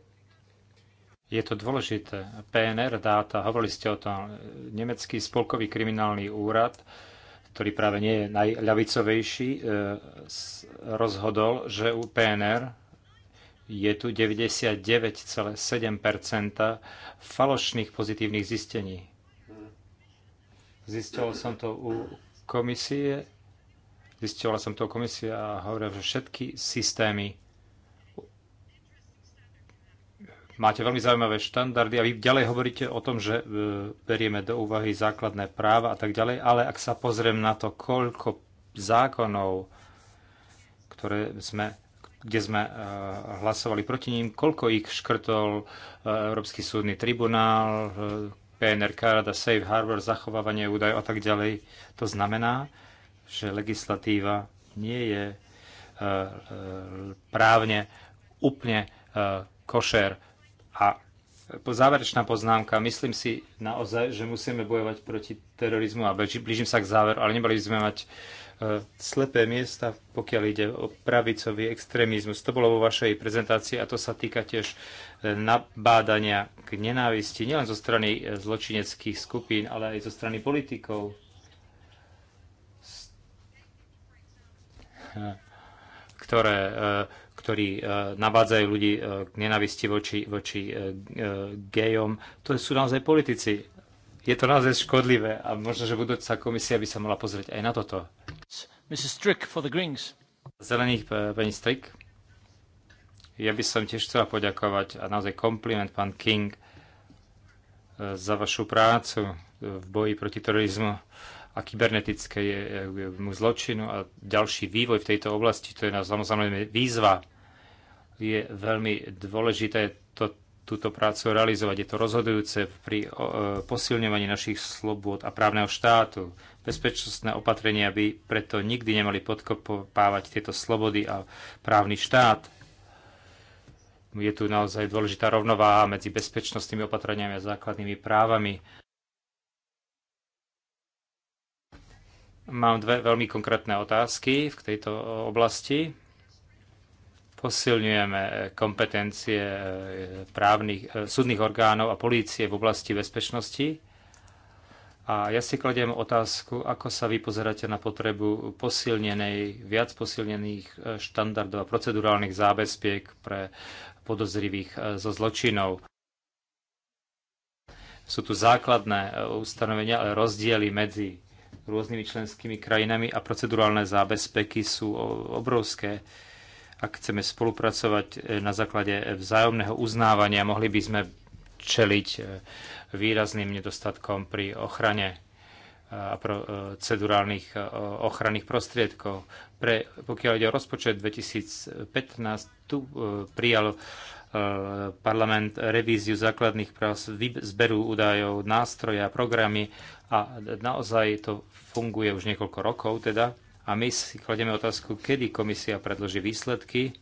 Je to dôležité. PNR dáta, hovorili ste o tom, nemecký spolkový kriminálny úrad, ktorý práve nie je najľavicovejší, e, rozhodol, že u PNR je tu 99,7 falošných pozitívnych zistení. Zistila som to u komisie, zistila som to u komisie a hovoril, že všetky systémy máte veľmi zaujímavé štandardy a vy ďalej hovoríte o tom, že e, berieme do úvahy základné práva a tak ďalej, ale ak sa pozriem na to, koľko zákonov, ktoré sme, kde sme e, hlasovali proti ním, koľko ich škrtol e, Európsky súdny tribunál, PNR, Karada, Safe Harbor, zachovávanie údajov a tak ďalej, to znamená, že legislatíva nie je právne úplne košer. A po záverečná poznámka, myslím si naozaj, že musíme bojovať proti terorizmu a blížim sa k záveru, ale nemali by sme mať uh, slepé miesta, pokiaľ ide o pravicový extrémizmus. To bolo vo vašej prezentácii a to sa týka tiež e, nabádania k nenávisti, nielen zo strany e, zločineckých skupín, ale aj zo strany politikov. ktoré uh, ktorí e, navádzajú ľudí e, k nenavisti voči, voči e, gejom. To sú naozaj politici. Je to naozaj škodlivé a možno, že budúca komisia by sa mala pozrieť aj na toto. Mrs. Strick for the Greens. Zelených pani Strick. Ja by som tiež chcela poďakovať a naozaj kompliment pán King za vašu prácu v boji proti terorizmu a kybernetické zločinu a ďalší vývoj v tejto oblasti, to je nás samozrejme výzva je veľmi dôležité to, túto prácu realizovať. Je to rozhodujúce pri e, posilňovaní našich slobôd a právneho štátu. Bezpečnostné opatrenia by preto nikdy nemali podkopávať tieto slobody a právny štát. Je tu naozaj dôležitá rovnováha medzi bezpečnostnými opatreniami a základnými právami. Mám dve veľmi konkrétne otázky v tejto oblasti Posilňujeme eh, kompetencie eh, právnych, eh, súdnych orgánov a polície v oblasti bezpečnosti. A ja si kladiem otázku, ako sa vy pozeráte na potrebu posilnenej, viac posilnených štandardov a procedurálnych zábezpiek pre podozrivých zo zločinov. Sú tu základné ustanovenia, ale rozdiely medzi rôznymi členskými krajinami a procedurálne zábezpeky sú obrovské. Ak chceme spolupracovať e, na základe vzájomného uznávania, mohli by sme čeliť e, výrazným nedostatkom pri ochrane e, a procedurálnych ochranných prostriedkov. Pre, pokiaľ ide o rozpočet 2015, tu prijal parlament revíziu základných práv zberu údajov, nástroje a programy a naozaj to funguje už niekoľko rokov teda. A my si kladieme otázku, kedy komisia predloží výsledky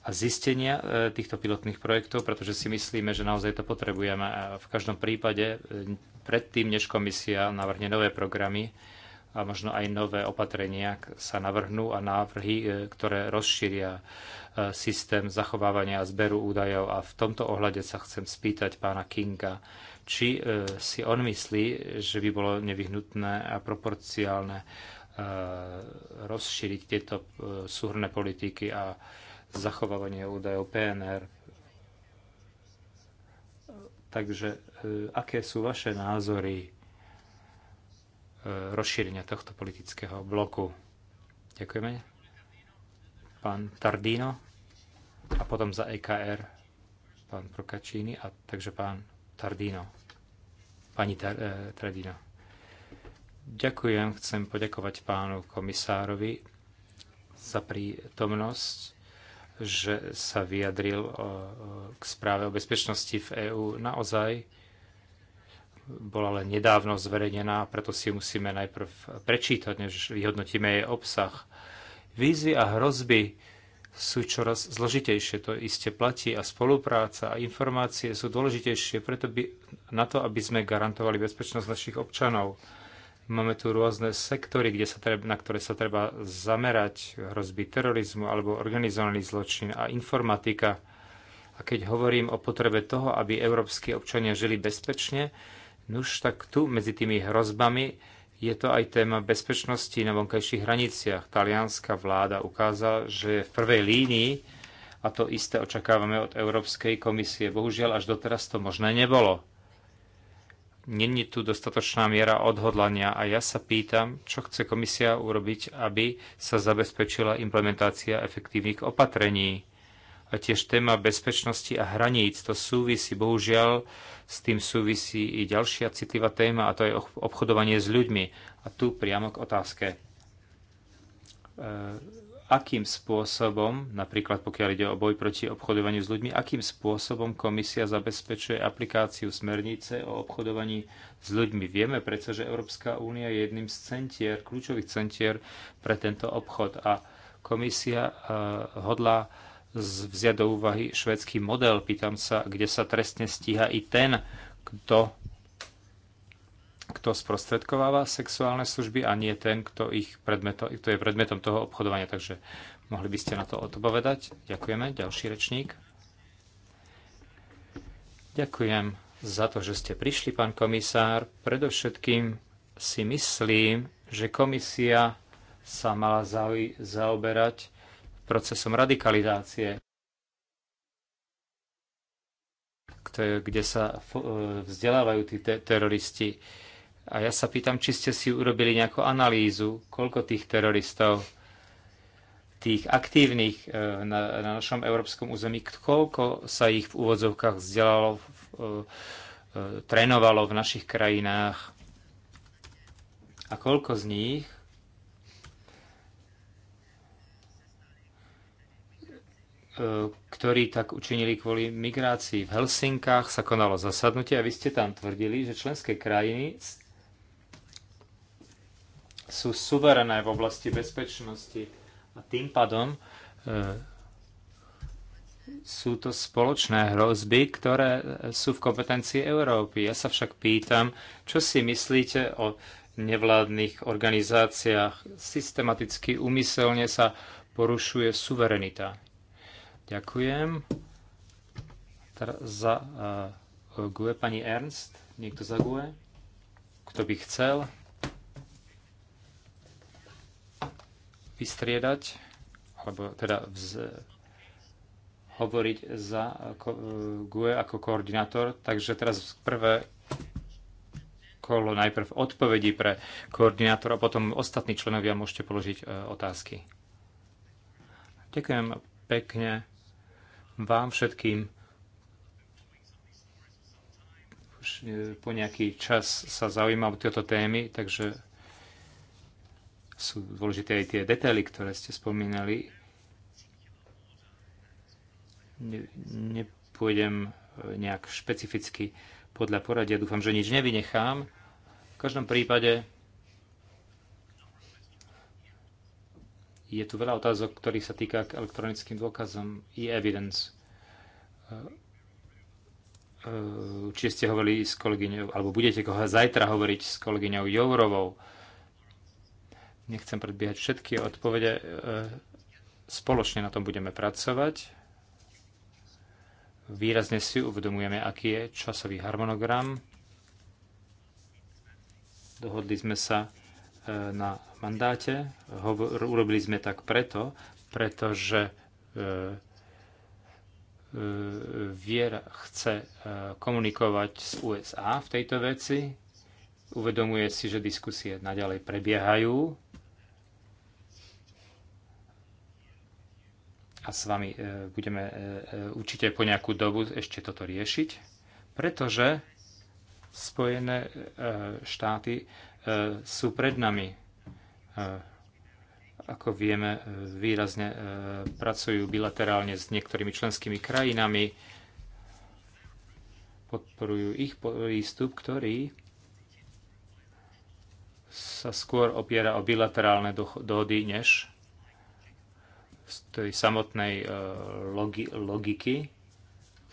a zistenia e, týchto pilotných projektov, pretože si myslíme, že naozaj to potrebujeme. A v každom prípade, e, predtým, než komisia navrhne nové programy a možno aj nové opatrenia, sa navrhnú a návrhy, e, ktoré rozšíria systém zachovávania a zberu údajov. A v tomto ohľade sa chcem spýtať pána Kinga, či si on myslí, že by bolo nevyhnutné a proporciálne E, rozšíriť tieto e, súhrné politiky a zachovávanie údajov PNR. Takže e, aké sú vaše názory rozšírenia tohto politického bloku? Ďakujeme. Pán Tardino a potom za EKR pán Prokačíny a takže pán Tardino. Pani Tardino. eh, Ďakujem, chcem poďakovať pánu komisárovi za prítomnosť, že sa vyjadril k správe o bezpečnosti v EÚ. Naozaj bola len nedávno zverejnená, preto si musíme najprv prečítať, než vyhodnotíme jej obsah. Výzvy a hrozby sú čoraz zložitejšie, to iste platí a spolupráca a informácie sú dôležitejšie preto by, na to, aby sme garantovali bezpečnosť našich občanov Máme tu rôzne sektory, kde sa treba, na ktoré sa treba zamerať, hrozby terorizmu alebo organizovaný zločin a informatika. A keď hovorím o potrebe toho, aby európsky občania žili bezpečne, nuž tak tu medzi tými hrozbami je to aj téma bezpečnosti na vonkajších hraniciach. Talianská vláda ukázala, že je v prvej línii a to isté očakávame od Európskej komisie. Bohužiaľ, až doteraz to možné nebolo Není tu dostatočná miera odhodlania a ja sa pýtam, čo chce komisia urobiť, aby sa zabezpečila implementácia efektívnych opatrení. A tiež téma bezpečnosti a hraníc, to súvisí, bohužiaľ, s tým súvisí i ďalšia citlivá téma a to je obchodovanie s ľuďmi. A tu priamo k otázke e, akým spôsobom, napríklad pokiaľ ide o boj proti obchodovaniu s ľuďmi, akým spôsobom komisia zabezpečuje aplikáciu smernice o obchodovaní s ľuďmi. Vieme predsa, že Európska únia je jedným z centier, kľúčových centier pre tento obchod a komisia eh, hodlá vziať do úvahy švedský model. Pýtam sa, kde sa trestne stíha i ten, kto kto sprostredkováva sexuálne služby a nie ten, kto, ich predmeto, kto je predmetom toho obchodovania. Takže mohli by ste na to odpovedať. Ďakujeme. Ďalší rečník. Ďakujem za to, že ste prišli, pán komisár. Predovšetkým si myslím, že komisia sa mala zaoberať procesom radikalizácie, kde sa eh, vzdelávajú tí teroristi a ja sa pýtam, či ste si urobili nejakú analýzu, koľko tých teroristov, tých aktívnych e, na, na našom európskom území, koľko sa ich v úvodzovkách vzdelalo, e, e, trénovalo v našich krajinách a koľko z nich ktorí tak učinili kvôli migrácii. V Helsinkách sa konalo zasadnutie a vy ste tam tvrdili, že členské krajiny sú suverené v oblasti bezpečnosti a tým pádom e, sú to spoločné hrozby, ktoré e, sú v kompetencii Európy. Ja sa však pýtam, čo si myslíte o nevládnych organizáciách. Systematicky, umyselne sa porušuje suverenita. Ďakujem. Teraz za uh, GUE pani Ernst. Niekto za GUE? Kto by chcel? vystriedať, alebo teda vz, hovoriť za eh, eh, GUE ako koordinátor. Takže teraz prvé kolo najprv odpovedí pre koordinátora, potom ostatní členovia môžete položiť eh, otázky. Ďakujem pekne vám všetkým. Už Po nejaký čas sa zaujímam o tieto témy, takže sú dôležité aj tie detaily, ktoré ste spomínali. Ne, nepôjdem e, nejak špecificky podľa poradia. Dúfam, že nič nevynechám. V každom prípade je tu veľa otázok, ktorých sa týka k elektronickým dôkazom e-evidence. E, e, Či ste hovorili s kolegyňou, alebo budete koho zajtra hovoriť s kolegyňou Jourovou Nechcem predbiehať všetky odpovede. E, spoločne na tom budeme pracovať. Výrazne si uvedomujeme, aký je časový harmonogram. Dohodli sme sa e, na mandáte. Urobili sme tak preto, pretože e, Viera chce komunikovať s USA v tejto veci. Uvedomuje si, že diskusie naďalej prebiehajú a s vami e, budeme e, e, určite po nejakú dobu ešte toto riešiť, pretože Spojené štáty sú pred nami. Ako vieme, výrazne pracujú bilaterálne s niektorými členskými krajinami, podporujú ich prístup, ktorý sa skôr opiera o bilaterálne dohody, než z tej samotnej e, logi, logiky,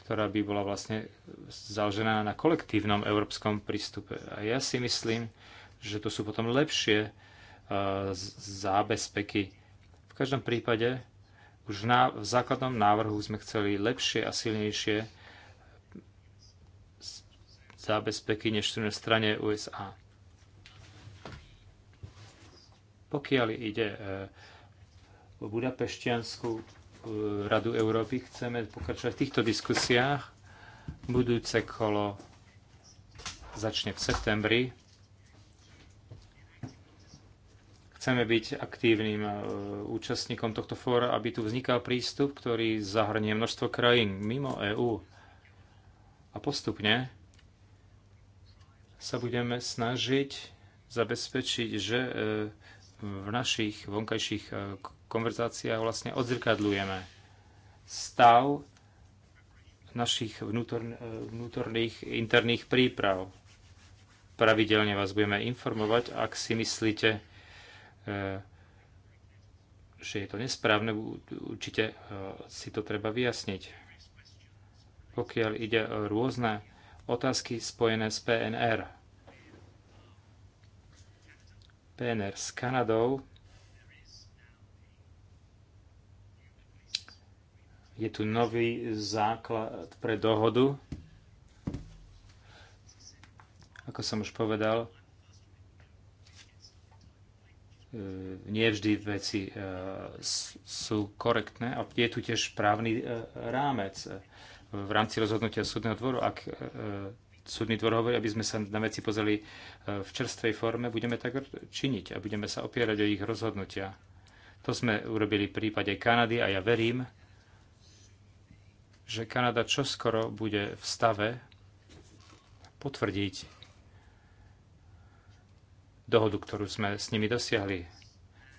ktorá by bola vlastne založená na kolektívnom európskom prístupe. A ja si myslím, že to sú potom lepšie e, zábezpeky. V každom prípade už na, v základnom návrhu sme chceli lepšie a silnejšie zábezpeky než sú na strane USA. Pokiaľ ide e, Budapešťanskú e, Radu Európy. Chceme pokračovať v týchto diskusiách. Budúce kolo začne v septembri. Chceme byť aktívnym e, účastníkom tohto fóra, aby tu vznikal prístup, ktorý zahrnie množstvo krajín mimo EÚ. A postupne sa budeme snažiť zabezpečiť, že e, v našich vonkajších konverzáciách vlastne odzrkadľujeme stav našich vnútor, eh, vnútorných interných príprav. Pravidelne vás budeme informovať, ak si myslíte, eh, že je to nesprávne, určite eh, si to treba vyjasniť. Pokiaľ ide o rôzne otázky spojené s PNR. PNR s Kanadou Je tu nový základ pre dohodu. Ako som už povedal, e, nie vždy veci e, sú korektné a je tu tiež právny e, rámec v rámci rozhodnutia súdneho dvoru. Ak súdny dvor hovorí, aby sme sa na veci pozreli v čerstvej forme, budeme tak činiť a budeme sa opierať o ich rozhodnutia. To sme urobili v prípade Kanady a ja verím, že Kanada čoskoro bude v stave potvrdiť dohodu, ktorú sme s nimi dosiahli.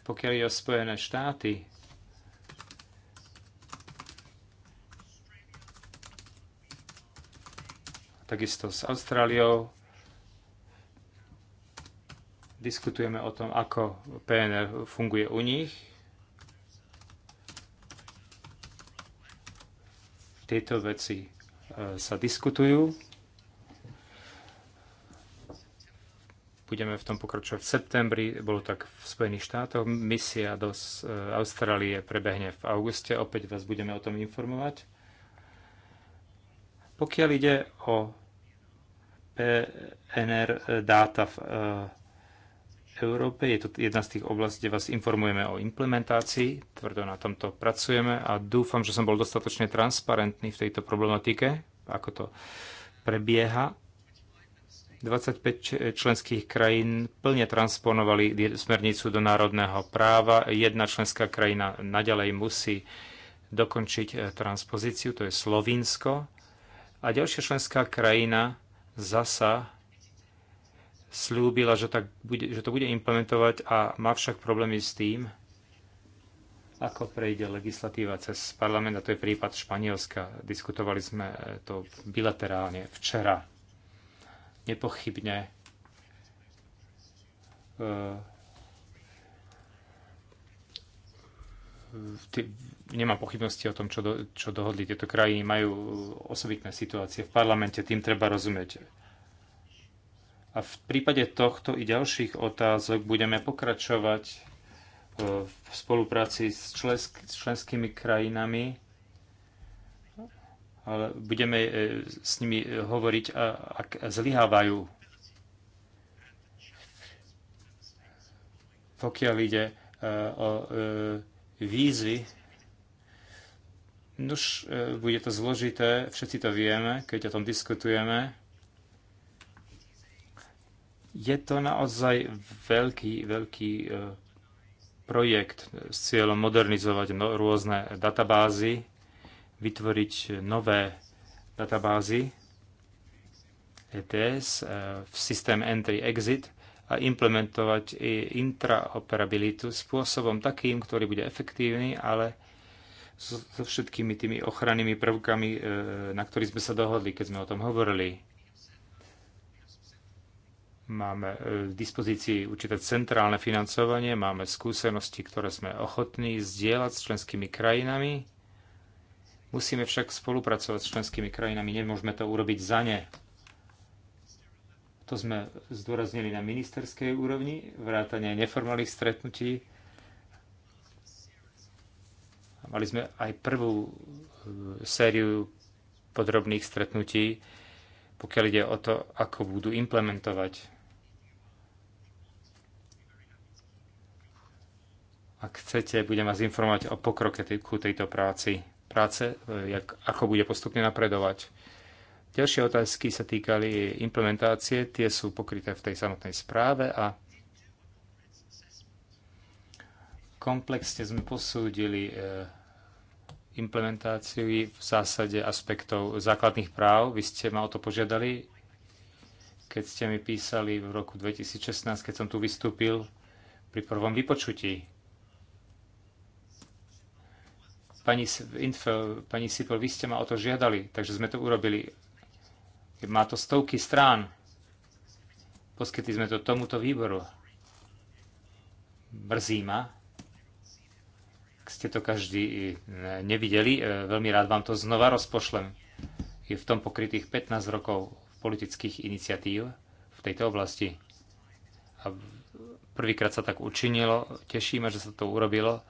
Pokiaľ je o Spojené štáty, takisto s Austráliou, diskutujeme o tom, ako PNR funguje u nich. Tieto veci e, sa diskutujú. Budeme v tom pokračovať v septembri. Bolo tak v Spojených štátoch. Misia do e, Austrálie prebehne v auguste. Opäť vás budeme o tom informovať. Pokiaľ ide o PNR dáta v e, Európe. Je to jedna z tých oblastí, kde vás informujeme o implementácii. Tvrdo na tomto pracujeme a dúfam, že som bol dostatočne transparentný v tejto problematike, ako to prebieha. 25 členských krajín plne transponovali smernicu do národného práva. Jedna členská krajina naďalej musí dokončiť eh, transpozíciu, to je Slovinsko. A ďalšia členská krajina zasa slúbila, že, tak bude, že to bude implementovať a má však problémy s tým, ako prejde legislatíva cez parlament, a to je prípad Španielska. Diskutovali sme to bilaterálne včera. Nepochybne e, nemám pochybnosti o tom, čo, do, čo dohodli tieto krajiny. Majú osobitné situácie v parlamente, tým treba rozumieť. A v prípade tohto i ďalších otázok budeme pokračovať e, v spolupráci s, člensk- s členskými krajinami, ale budeme e, s nimi e, hovoriť, ak zlyhávajú. Pokiaľ ide o vízy, už bude to zložité, všetci to vieme, keď o tom diskutujeme. Je to naozaj veľký, veľký e, projekt s cieľom modernizovať no, rôzne databázy, vytvoriť nové databázy ETS v e, systém Entry-Exit a implementovať intraoperabilitu spôsobom takým, ktorý bude efektívny, ale so všetkými tými ochrannými prvkami, e, na ktorých sme sa dohodli, keď sme o tom hovorili. Máme e, v dispozícii určité centrálne financovanie, máme skúsenosti, ktoré sme ochotní zdieľať s členskými krajinami. Musíme však spolupracovať s členskými krajinami, nemôžeme to urobiť za ne. To sme zdôraznili na ministerskej úrovni, vrátane neformálnych stretnutí. Mali sme aj prvú e, sériu podrobných stretnutí, pokiaľ ide o to, ako budú implementovať Ak chcete, budem vás informovať o pokroke ku tejto práci, práce, e, jak, ako bude postupne napredovať. Ďalšie otázky sa týkali implementácie, tie sú pokryté v tej samotnej správe a komplexne sme posúdili e, implementáciu v zásade aspektov základných práv. Vy ste ma o to požiadali, keď ste mi písali v roku 2016, keď som tu vystúpil pri prvom vypočutí Pani, info, pani Sipel, vy ste ma o to žiadali, takže sme to urobili. Má to stovky strán. Poskytli sme to tomuto výboru. Mrzí ma. Ak ste to každý e, nevideli, e, veľmi rád vám to znova rozpošlem. Je v tom pokrytých 15 rokov politických iniciatív v tejto oblasti. A prvýkrát sa tak učinilo, tešíme, že sa to urobilo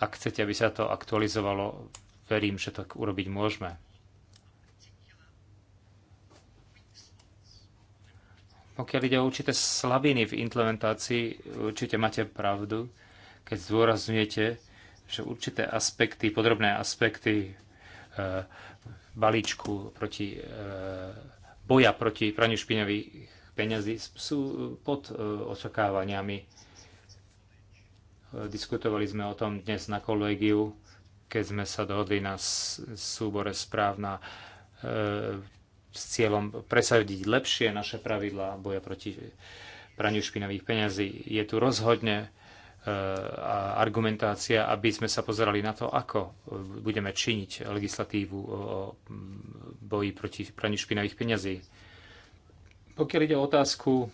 ak chcete, aby sa to aktualizovalo, verím, že to urobiť môžeme. Pokiaľ ide o určité slabiny v implementácii, určite máte pravdu, keď zdôrazňujete, že určité aspekty, podrobné aspekty e, balíčku proti, e, boja proti praniu špinavých peňazí sú pod e, očakávaniami Diskutovali sme o tom dnes na kolegiu, keď sme sa dohodli na súbore správna e, s cieľom presadiť lepšie naše pravidlá boja proti praniu špinavých peňazí. Je tu rozhodne e, argumentácia, aby sme sa pozerali na to, ako budeme činiť legislatívu o boji proti praniu špinavých peňazí. Pokiaľ ide o otázku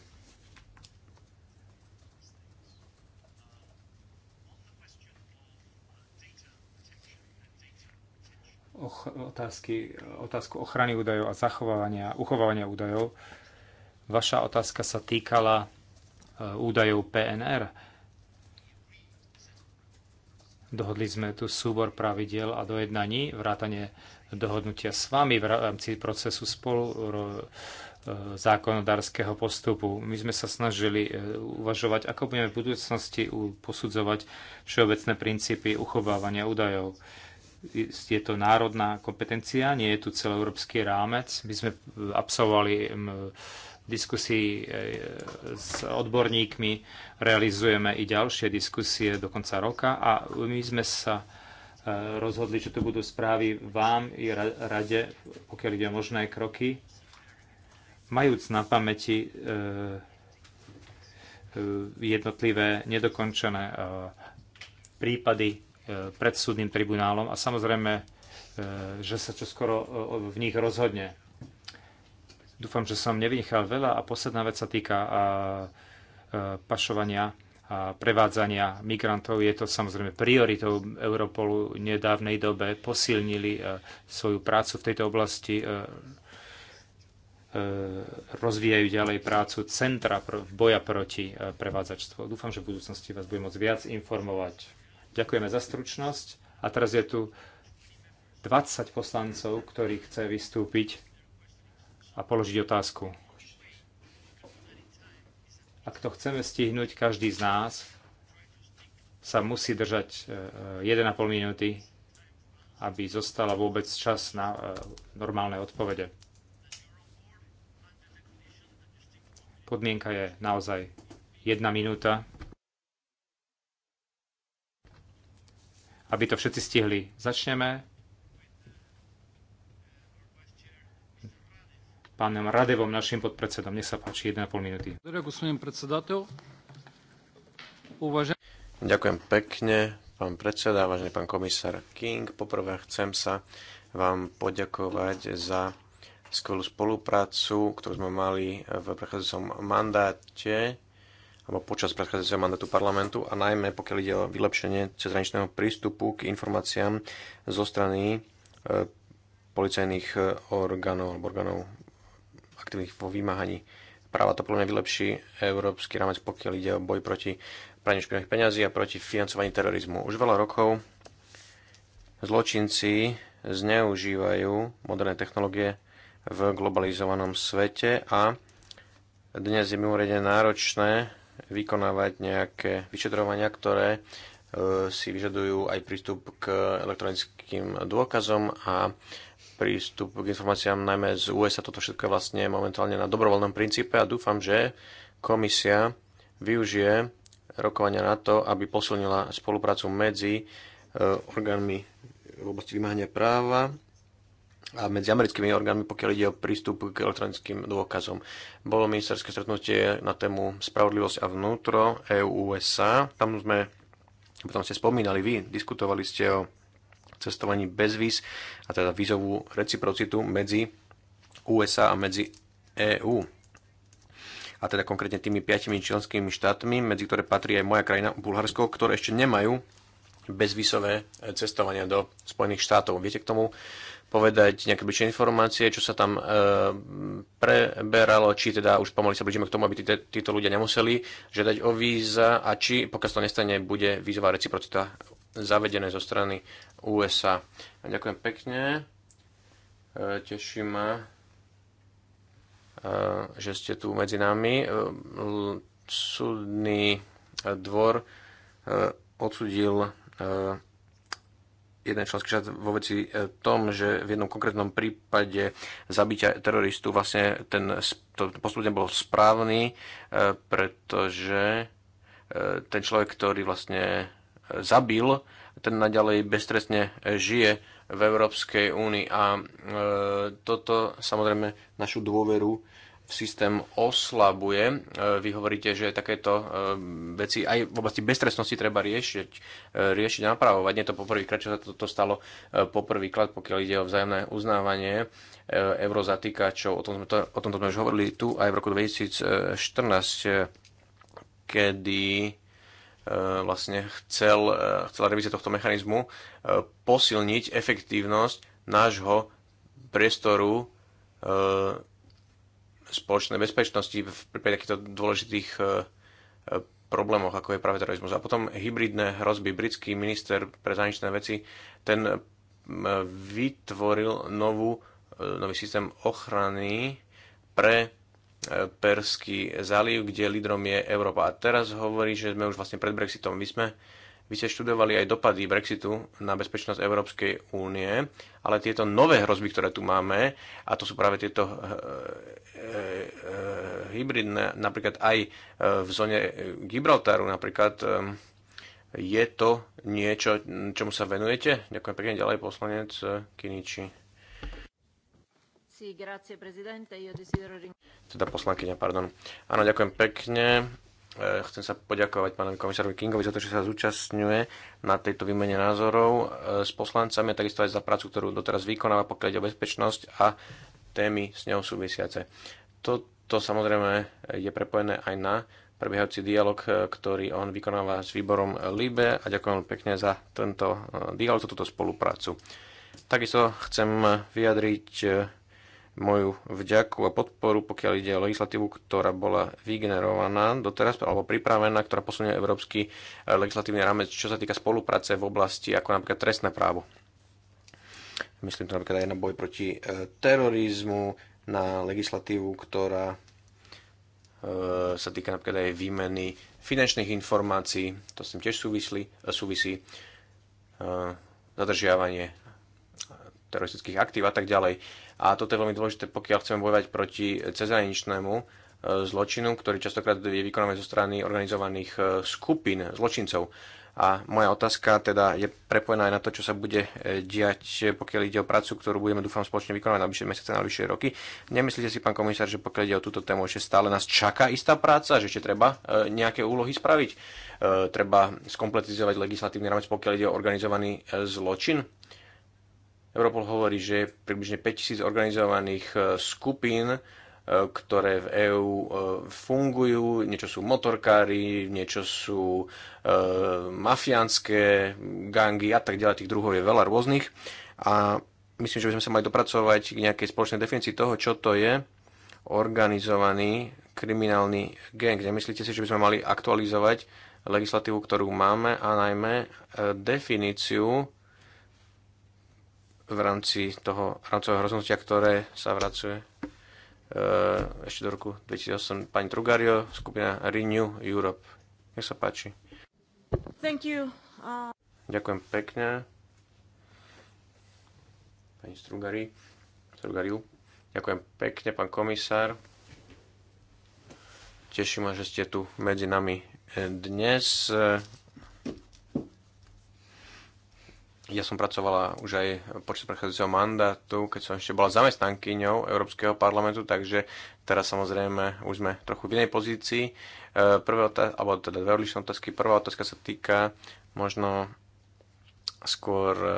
otázky, otázku ochrany údajov a zachovávania, uchovávania údajov. Vaša otázka sa týkala e, údajov PNR. Dohodli sme tu súbor pravidel a dojednaní, vrátane dohodnutia s vami v rámci procesu spolu e, zákonodárskeho postupu. My sme sa snažili e, uvažovať, ako budeme v budúcnosti posudzovať všeobecné princípy uchovávania údajov je to národná kompetencia, nie je tu celoeurópsky rámec. My sme eh, absolvovali mm, diskusii eh, s odborníkmi, realizujeme i ďalšie diskusie do konca roka a my sme sa eh, rozhodli, že to budú správy vám i rade, pokiaľ ide o možné kroky, majúc na pamäti jednotlivé nedokončené prípady E, pred súdnym tribunálom a samozrejme, e, že sa čoskoro e, v nich rozhodne. Dúfam, že som nevynechal veľa a posledná vec sa týka pašovania a prevádzania migrantov. Je to samozrejme prioritou Europolu. V nedávnej dobe posilnili svoju prácu v tejto oblasti, rozvíjajú ďalej prácu Centra boja proti prevádzačstvu. Dúfam, že v budúcnosti vás budem môcť viac informovať. Ďakujeme za stručnosť. A teraz je tu 20 poslancov, ktorí chce vystúpiť a položiť otázku. Ak to chceme stihnúť, každý z nás sa musí držať 1,5 eh, minúty, aby zostala vôbec čas na eh, normálne odpovede. Podmienka je naozaj 1 minúta aby to všetci stihli. Začneme. Pánom Radevom, našim podpredsedom. Nech sa páči, 1,5 minúty. Ďakujem pekne, pán predseda, vážený pán komisár King. Poprvé chcem sa vám poďakovať za skvelú spoluprácu, ktorú sme mali v prechádzajúcom mandáte alebo počas predchádzajúceho mandátu parlamentu a najmä pokiaľ ide o vylepšenie cezhraničného prístupu k informáciám zo strany e, policajných e, orgánov alebo orgánov aktívnych vo vymáhaní práva. To plne vylepší európsky rámec, pokiaľ ide o boj proti praniu špinavých peňazí a proti financovaní terorizmu. Už veľa rokov zločinci zneužívajú moderné technológie v globalizovanom svete a dnes je mimoriadne náročné vykonávať nejaké vyšetrovania, ktoré e, si vyžadujú aj prístup k elektronickým dôkazom a prístup k informáciám najmä z USA. Toto všetko je vlastne momentálne na dobrovoľnom princípe a dúfam, že komisia využije rokovania na to, aby posilnila spoluprácu medzi e, orgánmi v oblasti vymáhania práva a medzi americkými orgánmi, pokiaľ ide o prístup k elektronickým dôkazom. Bolo ministerské stretnutie na tému Spravodlivosť a vnútro EU-USA. Tam sme, potom ste spomínali vy, diskutovali ste o cestovaní bez víz a teda vízovú reciprocitu medzi USA a medzi EÚ. A teda konkrétne tými piatimi členskými štátmi, medzi ktoré patrí aj moja krajina, Bulharsko, ktoré ešte nemajú bezvisové cestovania do Spojených štátov. Viete k tomu povedať nejaké bližšie informácie, čo sa tam e, preberalo, či teda už pomaly sa blížime k tomu, aby tí, títo ľudia nemuseli žiadať o víza a či, pokiaľ to nestane, bude vízová reciprocita zavedené zo strany USA. A ďakujem pekne. E, teší ma, e, že ste tu medzi nami. E, súdny dvor e, odsudil e, jeden členský štát vo veci e, tom, že v jednom konkrétnom prípade zabitia teroristu vlastne ten, to postup nebol správny, e, pretože e, ten človek, ktorý vlastne zabil, ten naďalej beztrestne žije v Európskej únii a toto samozrejme našu dôveru systém oslabuje. E, vy hovoríte, že takéto e, veci aj v oblasti beztrestnosti treba riešiť, e, riešiť a napravovať. Nie to poprvýkrát, čo sa toto stalo poprvýkrát, pokiaľ ide o vzájomné uznávanie eurozatýkačov. O, tom to, o tomto sme už hovorili tu aj v roku 2014, kedy vlastne chcel, chcela revízia tohto mechanizmu posilniť efektívnosť nášho priestoru spoločnej bezpečnosti v prípade takýchto dôležitých e, e, problémoch, ako je práve terorizmus. A potom hybridné hrozby. Britský minister pre zahraničné veci, ten vytvoril novú, e, nový systém ochrany pre Perský záliv, kde lídrom je Európa. A teraz hovorí, že sme už vlastne pred Brexitom. My sme vy ste študovali aj dopady Brexitu na bezpečnosť Európskej únie, ale tieto nové hrozby, ktoré tu máme, a to sú práve tieto eh, eh, eh, hybridné, napríklad aj v zóne Gibraltaru, napríklad je to niečo, čomu sa venujete? Ďakujem pekne ďalej, poslanec Kiniči. Teda poslankyňa, pardon. Áno, ďakujem pekne. Eh, chcem sa poďakovať pánovi komisárovi Kingovi za to, že sa zúčastňuje na tejto výmene názorov eh, s poslancami a takisto aj za prácu, ktorú doteraz vykonáva, pokiaľ ide o bezpečnosť a témy s ňou súvisiace. Toto samozrejme eh, je prepojené aj na prebiehajúci dialog, ktorý on vykonáva s výborom LIBE a ďakujem pekne za tento dialog, za túto spoluprácu. Takisto chcem vyjadriť moju vďaku a podporu, pokiaľ ide o legislatívu, ktorá bola vygenerovaná doteraz alebo pripravená, ktorá posunie európsky e, legislatívny rámec, čo sa týka spolupráce v oblasti ako napríklad trestné právo. Myslím to napríklad aj na boj proti e, terorizmu, na legislatívu, ktorá e, sa týka napríklad aj výmeny finančných informácií, to s tým tiež súvisí, súvisí zadržiavanie teroristických aktív a tak ďalej. A toto je veľmi dôležité, pokiaľ chceme bojovať proti cezhraničnému e, zločinu, ktorý častokrát je vykonávaný zo strany organizovaných e, skupín zločincov. A moja otázka teda je prepojená aj na to, čo sa bude e, diať, pokiaľ ide o prácu, ktorú budeme, dúfam, spoločne vykonávať na vyššie mesiace, na vyššie roky. Nemyslíte si, pán komisár, že pokiaľ ide o túto tému, že stále nás čaká istá práca, že ešte treba nejaké úlohy spraviť? Treba skompletizovať legislatívny rámec, pokiaľ ide o organizovaný zločin? Europol hovorí, že je približne 5000 organizovaných e, skupín, e, ktoré v EÚ e, fungujú. Niečo sú motorkári, niečo sú mafiánske gangy a tak ďalej. Tých druhov je veľa rôznych. A myslím, že by sme sa mali dopracovať k nejakej spoločnej definícii toho, čo to je organizovaný kriminálny gang. Nemyslíte si, že by sme mali aktualizovať legislatívu, ktorú máme a najmä definíciu v rámci toho rámcového rozhodnutia, ktoré sa vracuje e, ešte do roku 2008. Pani Trugario, skupina Renew Europe. Nech sa páči. Thank you. Uh... Ďakujem pekne. Pani Strugari. Strugariu. Ďakujem pekne, pán komisár. Teším ma, že ste tu medzi nami e, dnes. Ja som pracovala už aj počas prechádzajúceho mandátu, keď som ešte bola zamestnankyňou Európskeho parlamentu, takže teraz samozrejme už sme trochu v inej pozícii. E, Prvá otázka, alebo teda dve odlišné otázky. Prvá otázka sa týka možno skôr e,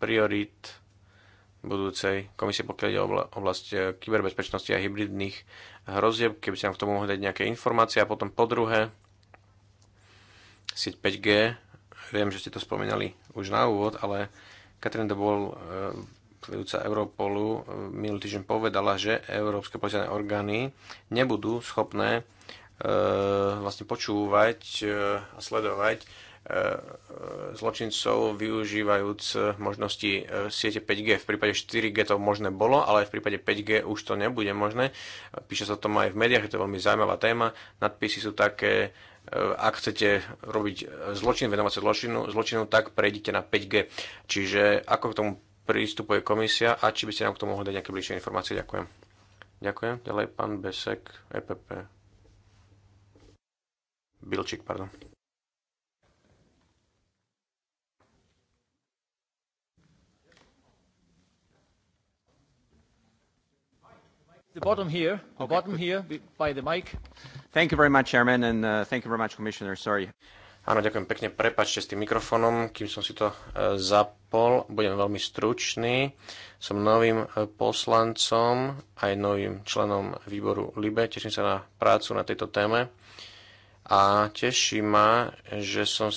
priorit budúcej komisie, pokiaľ ide o oblasť e, kyberbezpečnosti a hybridných hrozieb, keby ste nám k tomu mohli dať nejaké informácie. A potom po druhé, sieť 5G Viem, že ste to spomínali už na úvod, ale Katrin de Bol, vedúca e, Europolu, e, minulý týždeň povedala, že európske policajné orgány nebudú schopné e, vlastne počúvať a sledovať zločincov využívajúc možnosti siete 5G. V prípade 4G to možné bolo, ale v prípade 5G už to nebude možné. Píše sa o tom aj v médiách, je to veľmi zaujímavá téma. Nadpisy sú také, ak chcete robiť zločin, venovať sa zločinu, zločinu, tak prejdite na 5G. Čiže ako k tomu prístupuje komisia a či by ste nám k tomu mohli dať nejaké bližšie informácie. Ďakujem. Ďakujem. Ďalej pán Besek, EPP. Bilčík, pardon. The bottom here, okay, the bottom good. here by the mic. Thank you very much, Chairman, and uh, thank you very much, Commissioner. Sorry. Áno, ďakujem pekne. Prepačte s tým mikrofónom, kým som si to e, zapol. Budem veľmi stručný. Som novým e, poslancom, aj novým členom výboru LIBE. Teším sa na prácu na tejto téme. A teší ma, že som,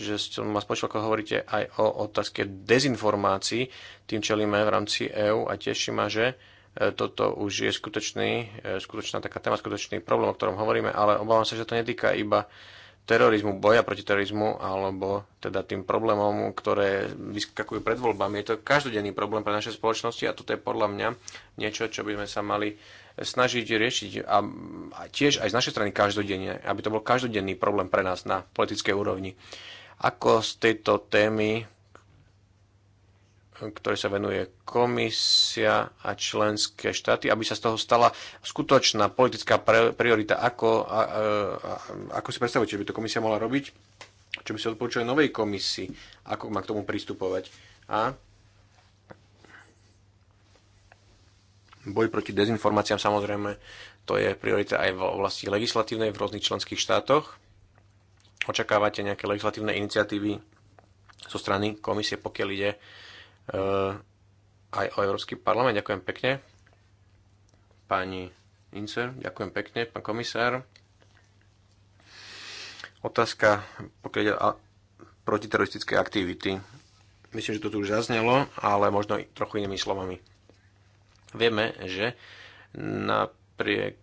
že som vás počul, ako hovoríte aj o otázke dezinformácií. Tým čelíme v rámci EÚ a teší ma, že E, toto už je skutočný, e, skutočná taká téma, skutočný problém, o ktorom hovoríme, ale obávam sa, že to netýka iba terorizmu, boja proti terorizmu, alebo teda tým problémom, ktoré vyskakujú pred voľbami. Je to každodenný problém pre naše spoločnosti a toto je podľa mňa niečo, čo by sme sa mali snažiť riešiť a, a tiež aj z našej strany každodenne, aby to bol každodenný problém pre nás na politickej úrovni. Ako z tejto témy ktorý sa venuje komisia a členské štáty, aby sa z toho stala skutočná politická priorita. Ako, a, a, ako si predstavujete, že by to komisia mohla robiť? Čo by sa odporúčali novej komisii? Ako má k tomu pristupovať? A boj proti dezinformáciám samozrejme, to je priorita aj v oblasti legislatívnej v rôznych členských štátoch. Očakávate nejaké legislatívne iniciatívy zo strany komisie, pokiaľ ide Eh, aj o Európsky parlament. Ďakujem pekne. Pani Incer, ďakujem pekne. Pán komisár. Otázka, pokiaľ ide protiteroristické aktivity. Myslím, že to tu už zaznelo, ale možno trochu inými slovami. Vieme, že napriek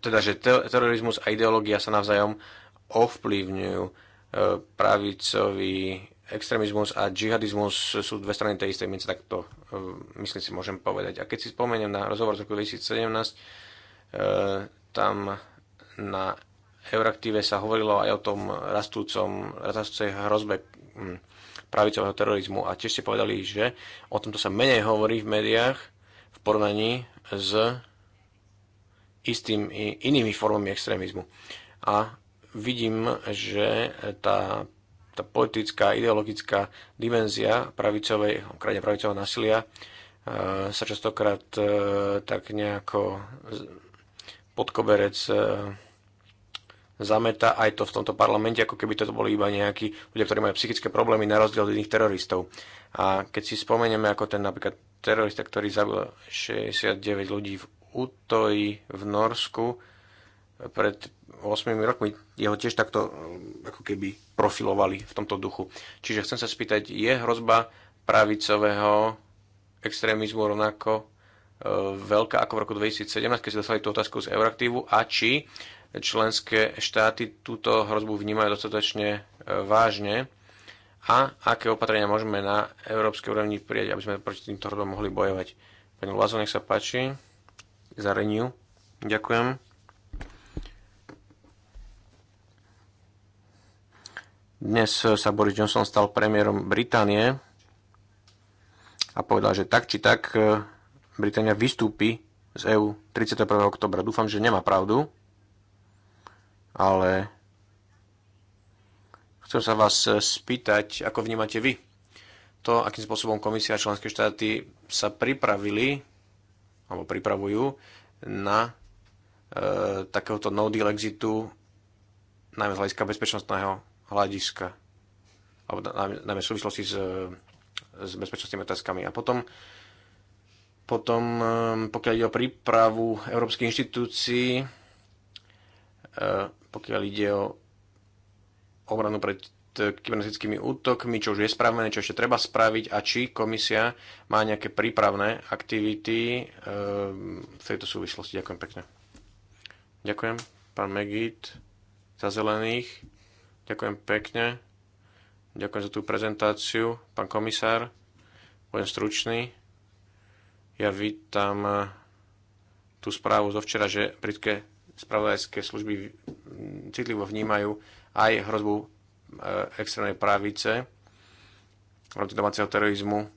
teda, že terorizmus a ideológia sa navzájom ovplyvňujú. Eh, Pravicoví extrémizmus a džihadizmus sú dve strany tej istej mince, tak to e, myslím si môžem povedať. A keď si spomeniem na rozhovor z roku 2017, e, tam na Euraktíve sa hovorilo aj o tom rastúcom, rastúcej hrozbe hm, pravicového terorizmu a tiež ste povedali, že o tomto sa menej hovorí v médiách v porovnaní s istým inými formami extrémizmu. A vidím, že tá tá politická, ideologická dimenzia pravicovej, krajine pravicového násilia e, sa častokrát e, tak nejako pod koberec e, zameta aj to v tomto parlamente, ako keby toto boli iba nejakí ľudia, ktorí majú psychické problémy na rozdiel od iných teroristov. A keď si spomenieme, ako ten napríklad terorista, ktorý zabil 69 ľudí v Utoji v Norsku, pred 8 rokmi jeho tiež takto mm, ako keby profilovali v tomto duchu. Čiže chcem sa spýtať, je hrozba pravicového extrémizmu rovnako e, veľká ako v roku 2017, keď ste dostali tú otázku z Euraktívu a či členské štáty túto hrozbu vnímajú dostatočne e, vážne a aké opatrenia môžeme na európskej úrovni prijať, aby sme proti týmto hrozbám mohli bojovať. Pani Lazo, nech sa páči, za Reniu. Ďakujem. Dnes eh, sa Boris Johnson stal premiérom Británie a povedal, že tak či tak eh, Británia vystúpi z EÚ 31. oktobra. Dúfam, že nemá pravdu, ale chcem sa vás eh, spýtať, ako vnímate vy to, akým spôsobom komisia a členské štáty sa pripravili alebo pripravujú na e, takéhoto no deal exitu najmä z hľadiska bezpečnostného hľadiska, alebo najmä v súvislosti s, s bezpečnostnými otázkami. A potom, potom, ehm, pokiaľ ide o prípravu európskych inštitúcií, ehm, pokiaľ ide o obranu pred e, kybernetickými útokmi, čo už je spravené, čo ešte treba spraviť a či komisia má nejaké prípravné aktivity ehm, v tejto súvislosti. Ďakujem pekne. Ďakujem. Pán Megit za zelených. Ďakujem pekne. Ďakujem za tú prezentáciu, pán komisár. Budem stručný. Ja vítam eh, tú správu zo včera, že britské spravodajské služby mm, citlivo vnímajú aj hrozbu eh, extrémnej pravice v rámci domáceho terorizmu,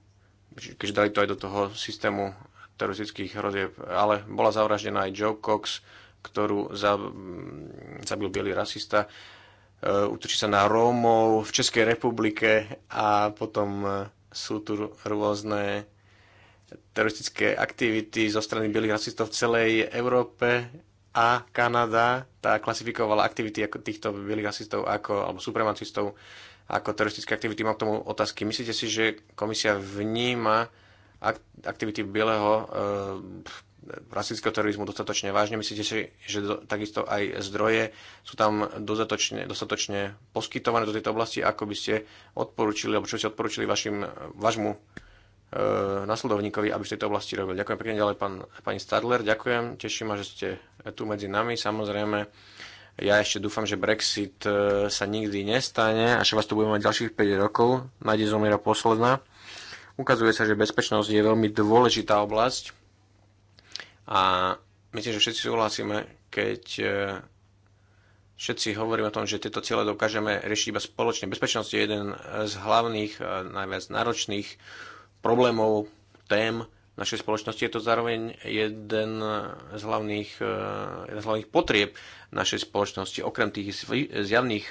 keďže dali to aj do toho systému teroristických hrozieb. Ale bola zavraždená aj Joe Cox, ktorú mm, zabil bielý rasista Eh, útočí sa na Rómov v Českej republike a potom eh, sú tu rôzne teroristické aktivity zo strany bielých rasistov v celej Európe a Kanada tá klasifikovala aktivity ako týchto bielých rasistov ako, alebo supremacistov ako teroristické aktivity. Mám k tomu otázky. Myslíte si, že komisia vníma aktivity bieleho e, rasistického terorizmu dostatočne vážne. Myslíte si, že do, takisto aj zdroje sú tam dostatočne, dostatočne poskytované do tejto oblasti, ako by ste odporúčili, alebo čo ste odporúčili vašim, vašmu e, nasledovníkovi, aby v tejto oblasti robil. Ďakujem pekne ďalej, pán, pani Stadler, ďakujem, teším ma, že ste tu medzi nami. Samozrejme, ja ešte dúfam, že Brexit e, sa nikdy nestane až vás tu budeme mať ďalších 5 rokov. Nájde zomiera posledná. Ukazuje sa, že bezpečnosť je veľmi dôležitá oblasť a myslím, že všetci súhlasíme, keď e, všetci hovoríme o tom, že tieto ciele dokážeme riešiť iba spoločne. Bezpečnosť je jeden z hlavných, e, najviac náročných problémov, tém našej spoločnosti. Je to zároveň jeden z hlavných, e, jeden z hlavných potrieb našej spoločnosti, okrem tých zjavných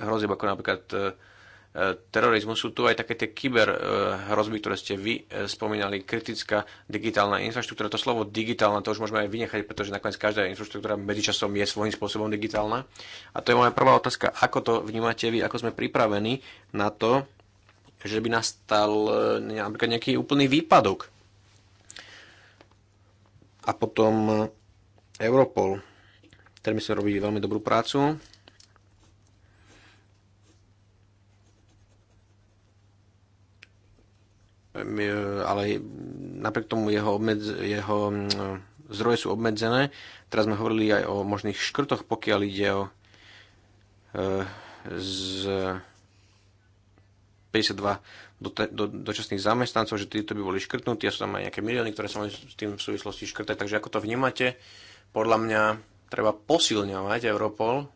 hrozieb, ako napríklad terorizmu. Sú tu aj také tie eh, hrozby, ktoré ste vy eh, spomínali, kritická digitálna infraštruktúra. To slovo digitálna to už môžeme aj vynechať, pretože nakoniec každá infraštruktúra medzičasom je svojím spôsobom digitálna. A to je moja prvá otázka. Ako to vnímate vy? Ako sme pripravení na to, že by nastal eh, napríklad nejaký úplný výpadok? A potom Europol, ktorý sa robí veľmi dobrú prácu ale napriek tomu jeho, obmedz, jeho mm, zdroje sú obmedzené. Teraz sme hovorili aj o možných škrtoch, pokiaľ ide o e, z 52 do, do, dočasných zamestnancov, že títo by boli škrtnutí a sú tam aj nejaké milióny, ktoré sa mali s tým v súvislosti škrtať. Takže ako to vnímate, podľa mňa treba posilňovať Europol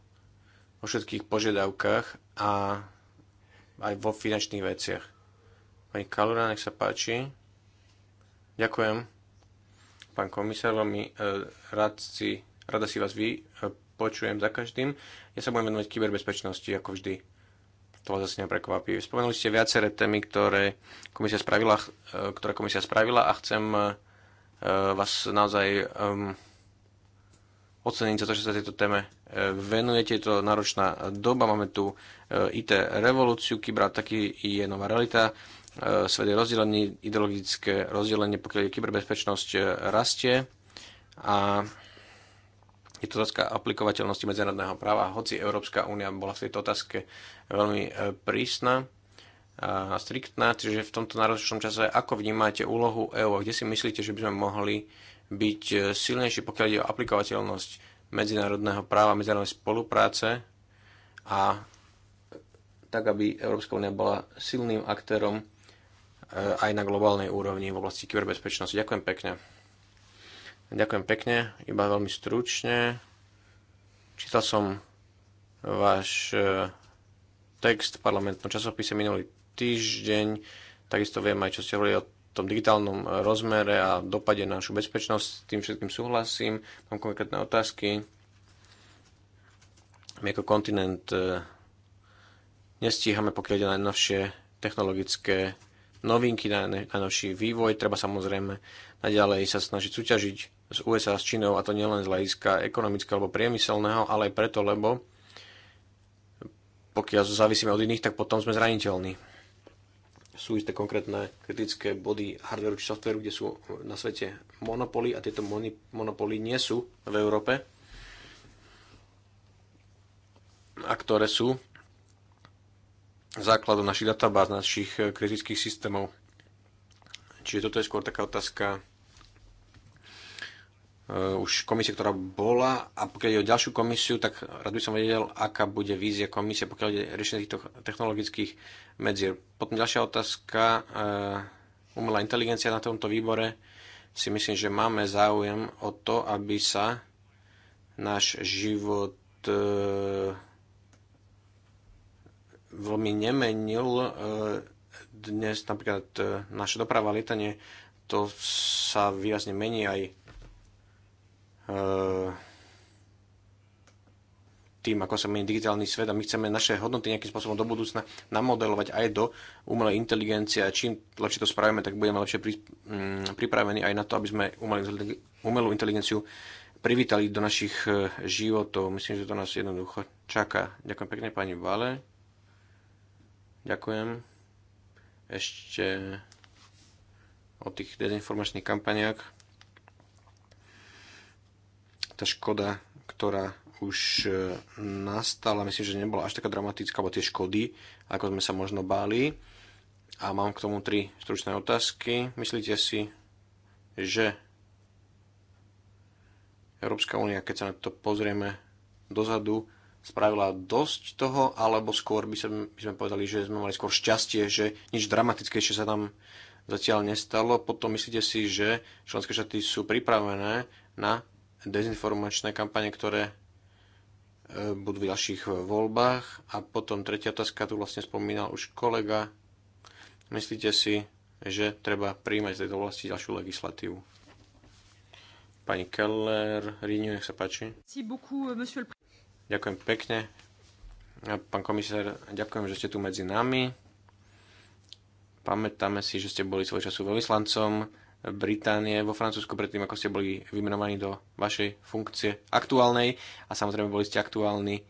vo všetkých požiadavkách a aj vo finančných veciach. Pani Kalura, nech sa páči. Ďakujem. Pán komisár, veľmi e, rád si, rada si vás e, počujem za každým. Ja sa budem venovať kyberbezpečnosti, ako vždy. To vás asi neprekvapí. Spomenuli ste viaceré témy, ktoré komisia spravila, e, ktoré komisia spravila a chcem vás naozaj um, oceniť za to, že sa tejto téme venujete. Je to náročná doba, máme tu IT revolúciu, kybra taký je nová realita, E, svet je rozdelený, ideologické rozdelenie, pokiaľ kyberbezpečnosť e, rastie a je to otázka aplikovateľnosti medzinárodného práva. Hoci Európska únia bola v tejto otázke veľmi e, prísna a striktná, čiže v tomto náročnom čase, ako vnímate úlohu EÚ a kde si myslíte, že by sme mohli byť silnejší, pokiaľ ide o aplikovateľnosť medzinárodného práva, medzinárodnej spolupráce a tak, aby Európska únia bola silným aktérom aj na globálnej úrovni v oblasti kyberbezpečnosti. Ďakujem pekne. Ďakujem pekne, iba veľmi stručne. Čítal som váš e, text v parlamentnom časopise minulý týždeň. Takisto viem aj, čo ste hovorili o tom digitálnom rozmere a dopade na našu bezpečnosť. S tým všetkým súhlasím. Mám konkrétne otázky. My ako kontinent e, nestíhame, pokiaľ ide najnovšie technologické novinky, na najnovší vývoj. Treba samozrejme naďalej sa snažiť súťažiť z USA s Čínou a to nielen z hľadiska ekonomického alebo priemyselného, ale aj preto, lebo pokiaľ závisíme od iných, tak potom sme zraniteľní. Sú isté konkrétne kritické body hardwareu či softwareu, kde sú na svete monopoly a tieto monopoly nie sú v Európe a ktoré sú základov našich databáz, našich eh, kritických systémov. Čiže toto je skôr taká otázka uh, už komisie, ktorá bola a pokiaľ ide o ďalšiu komisiu, tak rád by som vedel, aká bude vízia komisie, pokiaľ je riešenie týchto technologických medzier. Potom ďalšia otázka, uh, umelá inteligencia na tomto výbore si myslím, že máme záujem o to, aby sa náš život uh, veľmi nemenil. E, dnes napríklad e, naša doprava a lietanie, to sa výrazne mení aj e, tým, ako sa mení digitálny svet a my chceme naše hodnoty nejakým spôsobom do budúcna namodelovať aj do umelej inteligencie a čím lepšie to spravíme, tak budeme lepšie mm, pripravení aj na to, aby sme umelú inteligenciu privítali do našich životov. Myslím, že to nás jednoducho čaká. Ďakujem pekne pani Vale. Ďakujem. Ešte o tých dezinformačných kampaniách. Tá škoda, ktorá už e, nastala, myslím, že nebola až taká dramatická, alebo tie škody, ako sme sa možno báli. A mám k tomu tri stručné otázky. Myslíte si, že Európska únia, keď sa na to pozrieme dozadu, spravila dosť toho, alebo skôr by, sme, by sme povedali, že sme mali skôr šťastie, že nič dramatickejšie sa tam zatiaľ nestalo. Potom myslíte si, že členské štáty sú pripravené na dezinformačné kampane, ktoré e, budú v ďalších voľbách. A potom tretia otázka, tu vlastne spomínal už kolega. Myslíte si, že treba príjmať z tejto oblasti ďalšiu legislatívu? Pani Keller, Ríňu, nech sa páči. Ďakujem pekne. Pán komisár, ďakujem, že ste tu medzi nami. Pamätáme si, že ste boli svoj času veľvyslancom Británie vo Francúzsku predtým, ako ste boli vymenovaní do vašej funkcie aktuálnej a samozrejme boli ste aktuálni e,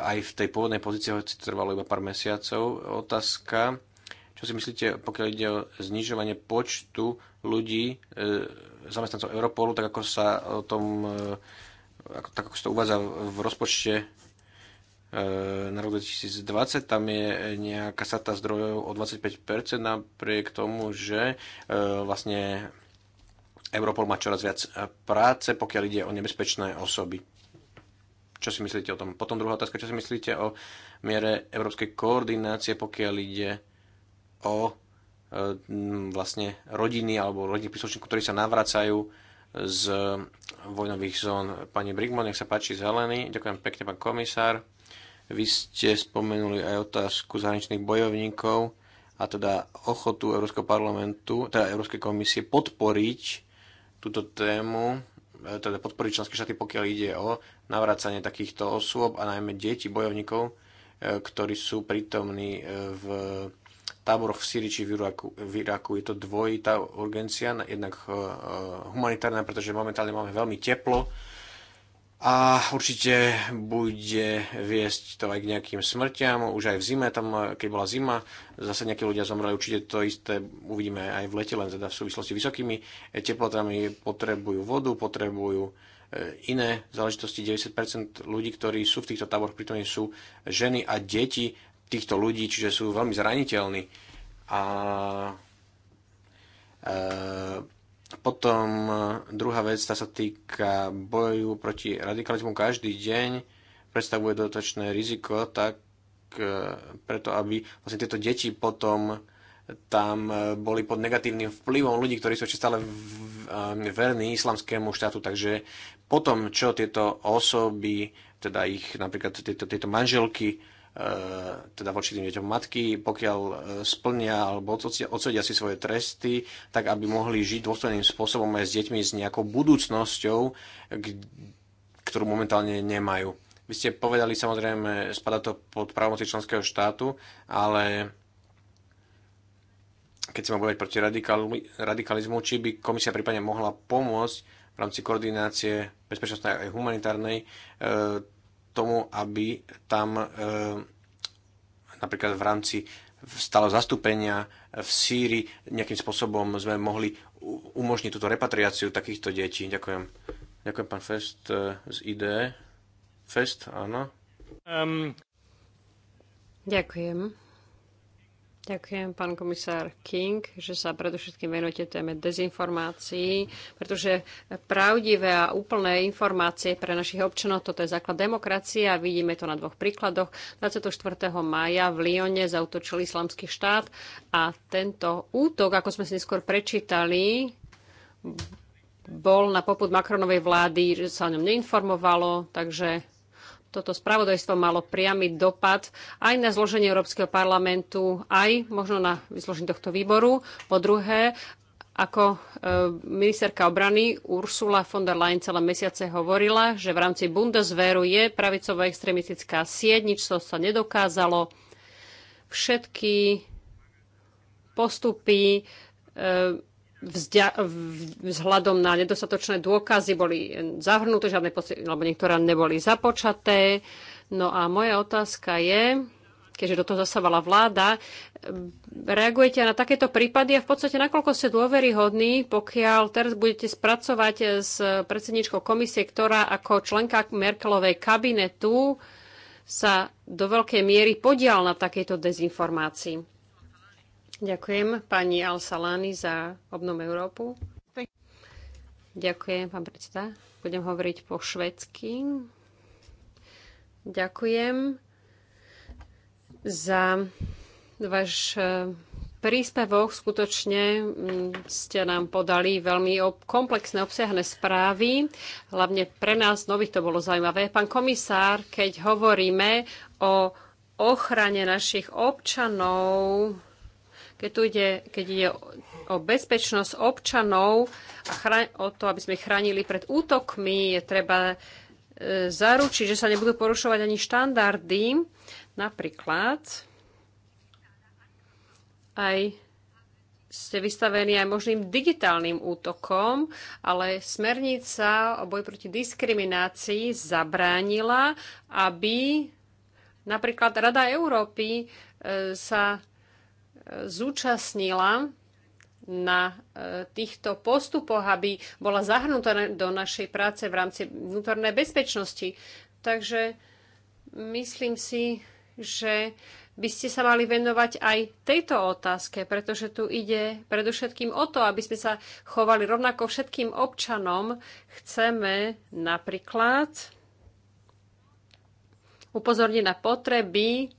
aj v tej pôvodnej pozícii, hoci trvalo iba pár mesiacov. Otázka, čo si myslíte, pokiaľ ide o znižovanie počtu ľudí, e, zamestnancov Europolu, tak ako sa o tom e, ako, tak ako sa to uvádza v rozpočte e, na rok 2020, tam je nejaká sata zdrojov o 25% napriek tomu, že e, vlastne Europol má čoraz viac práce, pokiaľ ide o nebezpečné osoby. Čo si myslíte o tom? Potom druhá otázka, čo si myslíte o miere európskej koordinácie, pokiaľ ide o e, vlastne rodiny alebo rodiny príslušníkov, ktorí sa navracajú z vojnových zón. Pani Brigman, nech sa páči, zelený. Ďakujem pekne, pán komisár. Vy ste spomenuli aj otázku zahraničných bojovníkov a teda ochotu Európskeho parlamentu, teda Európskej komisie podporiť túto tému, e, teda podporiť členské štáty, pokiaľ ide o navracanie takýchto osôb a najmä detí, bojovníkov, e, ktorí sú prítomní e, v táboroch v Syrii či v Iraku. V Iraku je to dvojitá urgencia, jednak eh, humanitárna, pretože momentálne máme veľmi teplo a určite bude viesť to aj k nejakým smrťam. Už aj v zime, tam, eh, keď bola zima, zase nejakí ľudia zomreli. Určite to isté uvidíme aj v lete, len teda v súvislosti s vysokými eh, teplotami potrebujú vodu, potrebujú iné záležitosti. 90% ľudí, ktorí sú v týchto táboroch pritom sú ženy a deti týchto ľudí, čiže sú veľmi zraniteľní. A e, potom e, druhá vec, tá sa týka boju proti radikalizmu každý deň, predstavuje dotočné riziko, tak e, preto, aby vlastne tieto deti potom tam e, boli pod negatívnym vplyvom ľudí, ktorí sú ešte stále e, verní islamskému štátu, takže potom, čo tieto osoby, teda ich napríklad tieto, tieto manželky E, teda voči tým deťom matky, pokiaľ e, splnia alebo odsedia si svoje tresty, tak aby mohli žiť dôstojným spôsobom aj s deťmi s nejakou budúcnosťou, ktorú momentálne nemajú. Vy ste povedali, samozrejme, spada to pod právomoci členského štátu, ale keď sa ma povedať proti radikalizmu, či by komisia prípadne mohla pomôcť v rámci koordinácie bezpečnostnej a humanitárnej e, tomu, aby tam e, napríklad v rámci stále zastúpenia v Sýrii nejakým spôsobom sme mohli umožniť túto repatriáciu takýchto detí. Ďakujem. Ďakujem, pán Fest e, z ID. Fest, áno. Um. Ďakujem. Ďakujem, pán komisár King, že sa predovšetkým venujete téme dezinformácií, pretože pravdivé a úplné informácie pre našich občanov, toto je základ demokracie a vidíme to na dvoch príkladoch. 24. mája v Lyone zautočil islamský štát a tento útok, ako sme si neskôr prečítali, bol na poput Macronovej vlády, že sa o ňom neinformovalo, takže toto spravodajstvo malo priamy dopad aj na zloženie Európskeho parlamentu, aj možno na zloženie tohto výboru. Po druhé, ako e, ministerka obrany Ursula von der Leyen celé mesiace hovorila, že v rámci Bundeswehru je pravicová extremistická sieť, nič to sa nedokázalo. Všetky postupy e, vzdia- vzhľadom na nedostatočné dôkazy boli zahrnuté, žiadne poci- alebo niektoré neboli započaté. No a moja otázka je, keďže do toho zasávala vláda, reagujete na takéto prípady a v podstate nakoľko ste dôveryhodní, pokiaľ teraz budete spracovať s predsedničkou komisie, ktorá ako členka Merkelovej kabinetu sa do veľkej miery podial na takejto dezinformácii. Ďakujem pani Al-Salani za obnom Európu. Ďakujem, pán predseda. Budem hovoriť po švedsky. Ďakujem za váš eh, príspevok. Skutočne hm, ste nám podali veľmi komplexné obsiahne správy. Hlavne pre nás nových to bolo zaujímavé. Pán komisár, keď hovoríme o ochrane našich občanov, keď, tu ide, keď ide o bezpečnosť občanov a chra- o to, aby sme chránili pred útokmi, je treba e, zaručiť, že sa nebudú porušovať ani štandardy. Napríklad aj ste vystavení aj možným digitálnym útokom, ale smernica o boji proti diskriminácii zabránila, aby napríklad Rada Európy e, sa zúčastnila na e, týchto postupoch, aby bola zahrnutá do našej práce v rámci vnútornej bezpečnosti. Takže myslím si, že by ste sa mali venovať aj tejto otázke, pretože tu ide predovšetkým o to, aby sme sa chovali rovnako všetkým občanom. Chceme napríklad upozorniť na potreby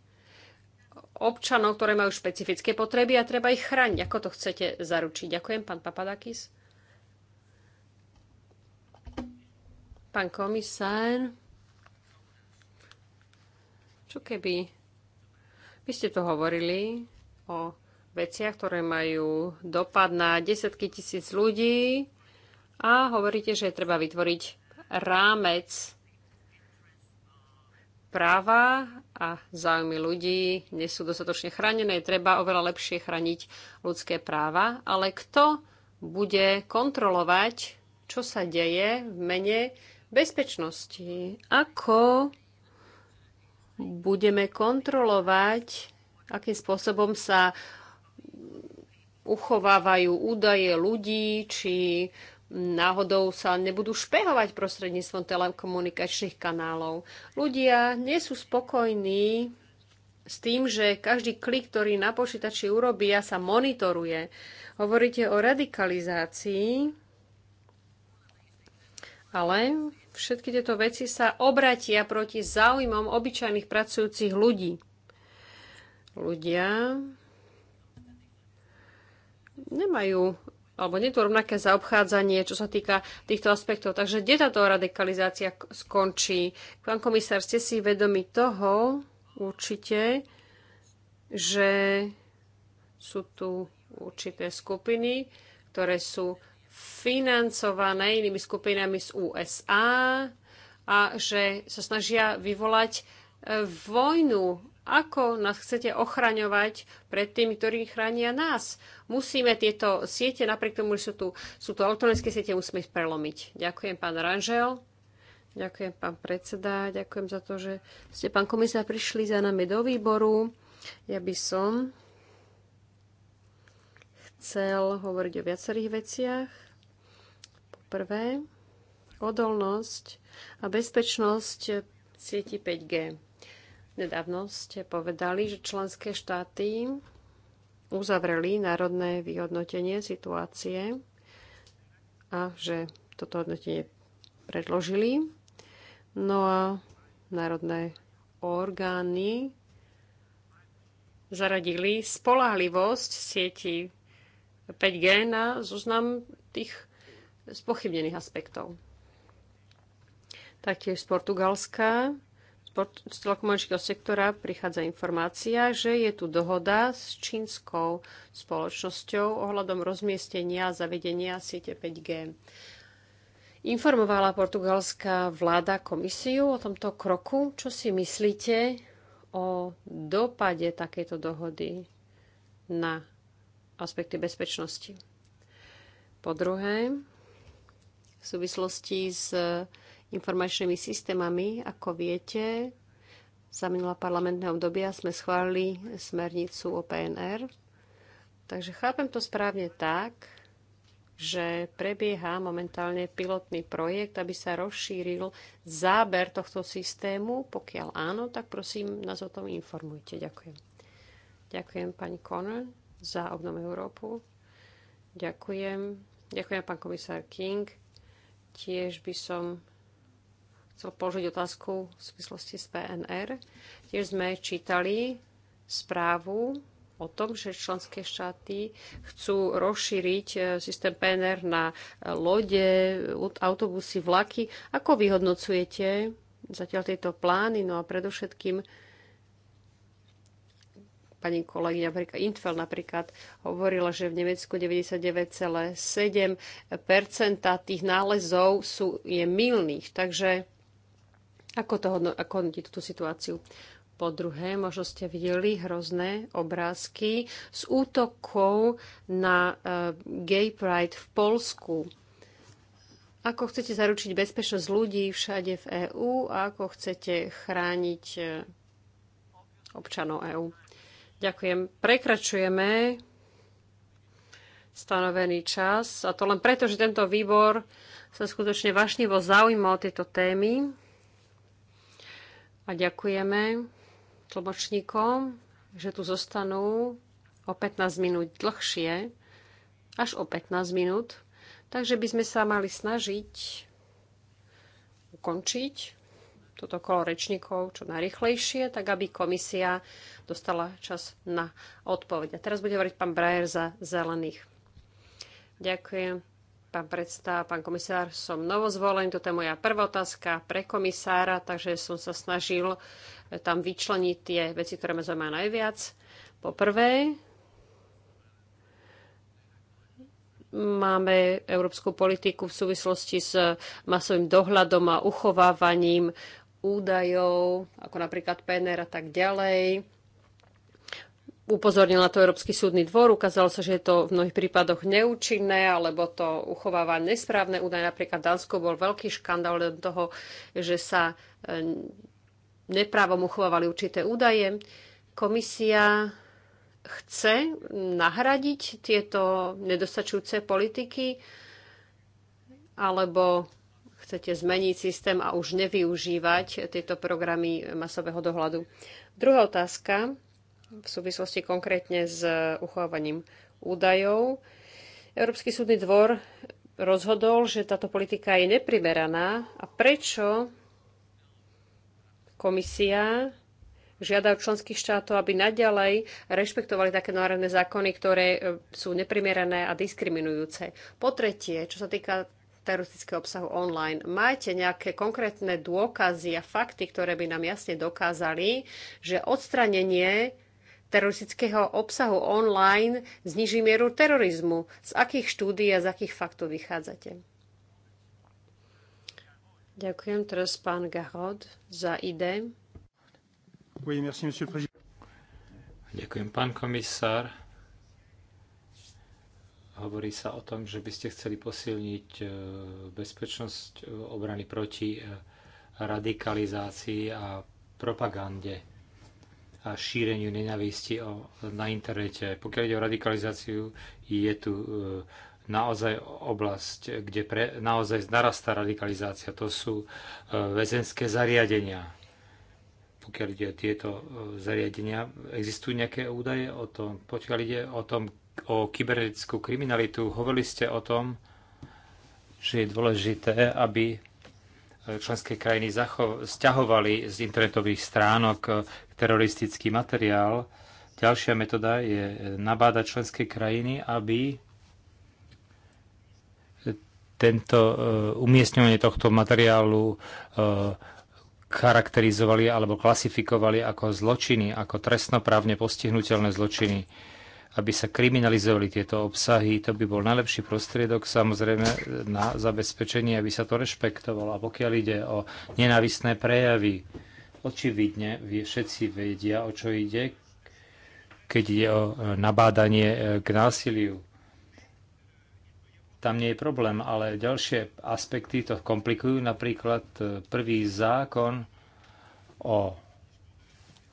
občanov, ktoré majú špecifické potreby a treba ich chrániť. Ako to chcete zaručiť? Ďakujem, pán Papadakis. Pán komisár, čo keby vy ste tu hovorili o veciach, ktoré majú dopad na desetky tisíc ľudí a hovoríte, že treba vytvoriť rámec práva a záujmy ľudí nie sú dostatočne chránené. Treba oveľa lepšie chrániť ľudské práva. Ale kto bude kontrolovať, čo sa deje v mene bezpečnosti? Ako budeme kontrolovať, akým spôsobom sa uchovávajú údaje ľudí, či náhodou sa nebudú špehovať prostredníctvom telekomunikačných kanálov. Ľudia nie sú spokojní s tým, že každý klik, ktorý na počítači urobia, sa monitoruje. Hovoríte o radikalizácii, ale všetky tieto veci sa obratia proti záujmom obyčajných pracujúcich ľudí. Ľudia nemajú alebo nie je to rovnaké zaobchádzanie, čo sa týka týchto aspektov. Takže kde táto radikalizácia skončí? Pán komisár, ste si vedomi toho určite, že sú tu určité skupiny, ktoré sú financované inými skupinami z USA a že sa snažia vyvolať e, vojnu ako nás chcete ochraňovať pred tými, ktorí chránia nás? Musíme tieto siete, napriek tomu, že sú tu, sú tu elektronické siete, musíme ich prelomiť. Ďakujem, pán Ranžel. Ďakujem, pán predseda. Ďakujem za to, že ste, pán komisár, prišli za nami do výboru. Ja by som chcel hovoriť o viacerých veciach. Poprvé, odolnosť a bezpečnosť sieti 5G. Nedávno ste povedali, že členské štáty uzavreli národné vyhodnotenie situácie a že toto hodnotenie predložili. No a národné orgány zaradili spolahlivosť sieti 5G na zoznam tých spochybnených aspektov. Taktiež z Portugalska z telekomunikačného sektora prichádza informácia, že je tu dohoda s čínskou spoločnosťou ohľadom rozmiestnenia a zavedenia siete 5G. Informovala portugalská vláda komisiu o tomto kroku. Čo si myslíte o dopade takéto dohody na aspekty bezpečnosti? Po druhé, v súvislosti s informačnými systémami. Ako viete, za minulá parlamentného obdobia sme schválili smernicu o PNR. Takže chápem to správne tak, že prebieha momentálne pilotný projekt, aby sa rozšíril záber tohto systému. Pokiaľ áno, tak prosím, nás o tom informujte. Ďakujem. Ďakujem pani Conner za obnovu Európu. Ďakujem. Ďakujem pán komisár King. Tiež by som chcel položiť otázku v súvislosti s PNR. Tiež sme čítali správu o tom, že členské štáty chcú rozšíriť e, systém PNR na e, lode, autobusy, vlaky. Ako vyhodnocujete zatiaľ tieto plány? No a predovšetkým pani kolegyňa napríklad, Intfel napríklad hovorila, že v Nemecku 99,7% tých nálezov sú, je mylných. Takže ako to hodno, ako hodnotí túto situáciu? Po druhé, možno ste videli hrozné obrázky z útokov na uh, Gay Pride v Polsku. Ako chcete zaručiť bezpečnosť ľudí všade v EÚ a ako chcete chrániť uh, občanov EÚ? Ďakujem. Prekračujeme stanovený čas a to len preto, že tento výbor sa skutočne vašnivo zaujímal o tieto témy a ďakujeme tlmočníkom, že tu zostanú o 15 minút dlhšie, až o 15 minút. Takže by sme sa mali snažiť ukončiť toto kolo rečníkov čo najrychlejšie, tak aby komisia dostala čas na odpoveď. A teraz bude hovoriť pán Brajer za zelených. Ďakujem Pán predstav, pán komisár, som novozvolený, toto je moja prvá otázka pre komisára, takže som sa snažil eh, tam vyčleniť tie veci, ktoré ma zaujímajú najviac. Po prvé, máme európsku politiku v súvislosti s masovým dohľadom a uchovávaním údajov, ako napríklad PNR a tak ďalej upozornil na to Európsky súdny dvor, ukázalo sa, že je to v mnohých prípadoch neúčinné, alebo to uchováva nesprávne údaje. Napríklad Dánsko bol veľký škandál do toho, že sa e, neprávom uchovávali určité údaje. Komisia chce nahradiť tieto nedostačujúce politiky, alebo chcete zmeniť systém a už nevyužívať tieto programy masového dohľadu. Druhá otázka v súvislosti konkrétne s eh, uchovaním údajov. Európsky súdny dvor rozhodol, že táto politika je neprimeraná a prečo komisia žiada od členských štátov, aby naďalej rešpektovali také národné zákony, ktoré eh, sú neprimerané a diskriminujúce. Po tretie, čo sa týka teroristického obsahu online. Máte nejaké konkrétne dôkazy a fakty, ktoré by nám jasne dokázali, že odstranenie teroristického obsahu online zniží mieru terorizmu? Z akých štúdí a z akých faktov vychádzate? Ďakujem teraz pán Gahod za ide. Oui, merci, Ďakujem, pán komisár. Hovorí sa o tom, že by ste chceli posilniť e, bezpečnosť e, obrany proti e, radikalizácii a propagande a šíreniu nenavisti na internete. Pokiaľ ide o radikalizáciu, je tu e, naozaj oblasť, kde pre, naozaj narastá radikalizácia. To sú e, väzenské zariadenia. Pokiaľ ide o tieto e, zariadenia, existujú nejaké údaje o tom? Pokiaľ ide o tom, o kybernetickú kriminalitu, hovorili ste o tom, že je dôležité, aby členské krajiny stiahovali z internetových stránok teroristický materiál. Ďalšia metóda je nabádať členské krajiny, aby tento e, umiestňovanie tohto materiálu e, charakterizovali alebo klasifikovali ako zločiny, ako trestnoprávne postihnutelné zločiny, aby sa kriminalizovali tieto obsahy. To by bol najlepší prostriedok samozrejme na zabezpečenie, aby sa to rešpektovalo. A pokiaľ ide o nenávisné prejavy, Očividne všetci vedia, o čo ide, keď ide o e, nabádanie e, k násiliu. Tam nie je problém, ale ďalšie aspekty to komplikujú. Napríklad e, prvý zákon o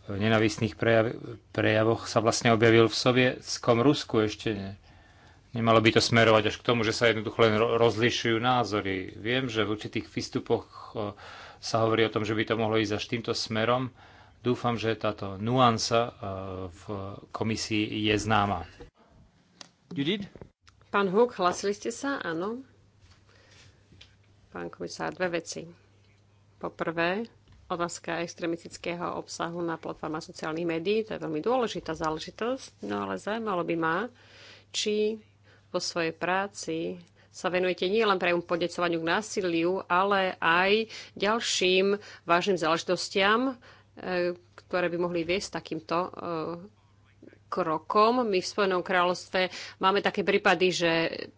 nenavistných prejav- prejavoch sa vlastne objavil v sovietskom Rusku ešte nie. Nemalo by to smerovať až k tomu, že sa jednoducho len rozlišujú názory. Viem, že v určitých výstupoch sa hovorí o tom, že by to mohlo ísť až týmto smerom. Dúfam, že táto nuansa e, v komisii je známa. Judith? Pán Huk, hlasili ste sa? Áno. Pán komisár, dve veci. Poprvé, otázka extremistického obsahu na platformách sociálnych médií. To je veľmi dôležitá záležitosť, no ale zaujímalo by ma, či vo svojej práci sa venujete nielen pre podnecovaniu k násiliu, ale aj ďalším vážnym záležitostiam, e, ktoré by mohli viesť takýmto e, krokom. My v Spojenom kráľovstve máme také prípady, že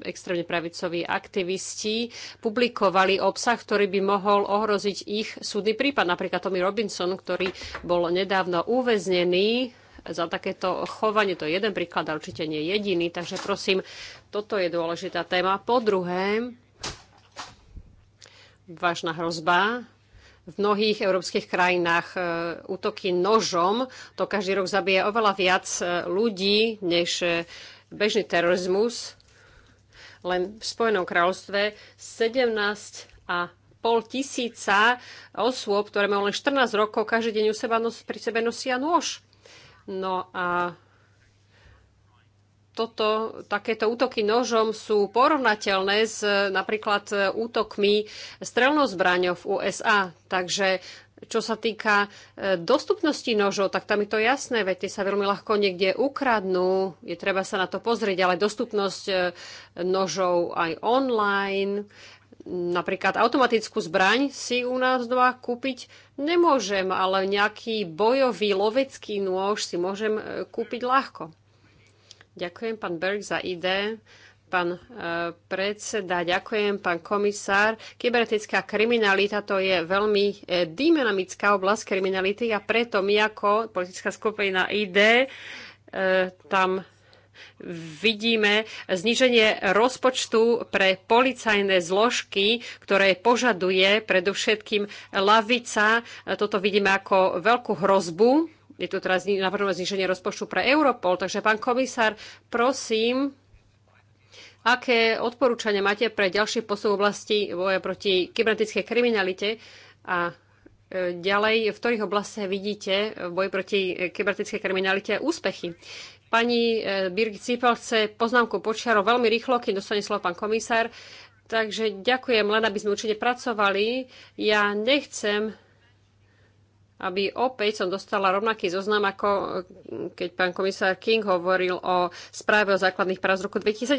extrémne pravicoví aktivisti publikovali obsah, ktorý by mohol ohroziť ich súdny prípad. Napríklad Tommy Robinson, ktorý bol nedávno uväznený za takéto chovanie. To je jeden príklad, ale určite nie jediný. Takže prosím, toto je dôležitá téma. Po druhé, vážna hrozba. V mnohých európskych krajinách e, útoky nožom, to každý rok zabije oveľa viac e, ľudí než e, bežný terorizmus. Len v Spojenom kráľovstve 17 a pol tisíca osôb, ktoré majú len 14 rokov, každý deň u seba nos, pri sebe nosia nôž. No a toto, takéto útoky nožom sú porovnateľné s napríklad útokmi strelnou zbraňou v USA. Takže čo sa týka e, dostupnosti nožov, tak tam je to jasné, veď tie sa veľmi ľahko niekde ukradnú, je treba sa na to pozrieť, ale dostupnosť e, nožov aj online, napríklad automatickú zbraň si u nás doma kúpiť nemôžem, ale nejaký bojový lovecký nôž si môžem e, kúpiť ľahko. Ďakujem, pán Berg, za ide. Pán e, predseda, ďakujem, pán komisár. Kybernetická kriminalita to je veľmi e, dynamická oblasť kriminality a preto my ako politická skupina ID tam vidíme zniženie rozpočtu pre policajné zložky, ktoré požaduje predovšetkým lavica. Toto vidíme ako veľkú hrozbu. Je tu teraz navrhnuté zniženie rozpočtu pre Europol. Takže, pán komisár, prosím, aké odporúčania máte pre ďalší postup v oblasti boja proti kybernetickej kriminalite a e, ďalej, v ktorých oblastiach vidíte v boji proti kybernetickej kriminalite úspechy. Pani e, Birgit Cipel chce poznámku počiarov veľmi rýchlo, keď dostane slovo pán komisár. Takže ďakujem, len aby sme určite pracovali. Ja nechcem, aby opäť som dostala rovnaký zoznam, ako e, keď pán komisár King hovoril o správe o základných práv z roku 2017.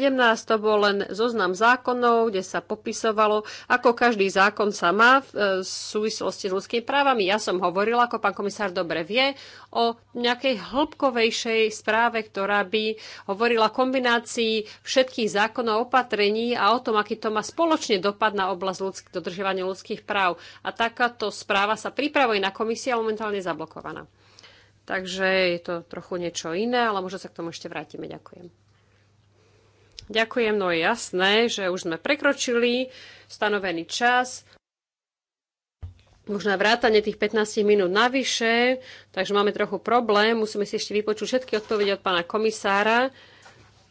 To bol len zoznam zákonov, kde sa popisovalo, ako každý zákon sa má v e, súvislosti s ľudskými právami. Ja som hovorila, ako pán komisár dobre vie, o nejakej hĺbkovejšej správe, ktorá by hovorila kombinácii všetkých zákonov opatrení a o tom, aký to má spoločne dopad na oblasť ľudských, dodržovania ľudských práv. A takáto správa sa pripravuje na komisii a momentálne zablokovaná. Takže je to trochu niečo iné, ale možno sa k tomu ešte vrátime. Ďakujem. Ďakujem, no je jasné, že už sme prekročili stanovený čas možno vrátane tých 15 minút navyše, takže máme trochu problém, musíme si ešte vypočuť všetky odpovede od pána komisára.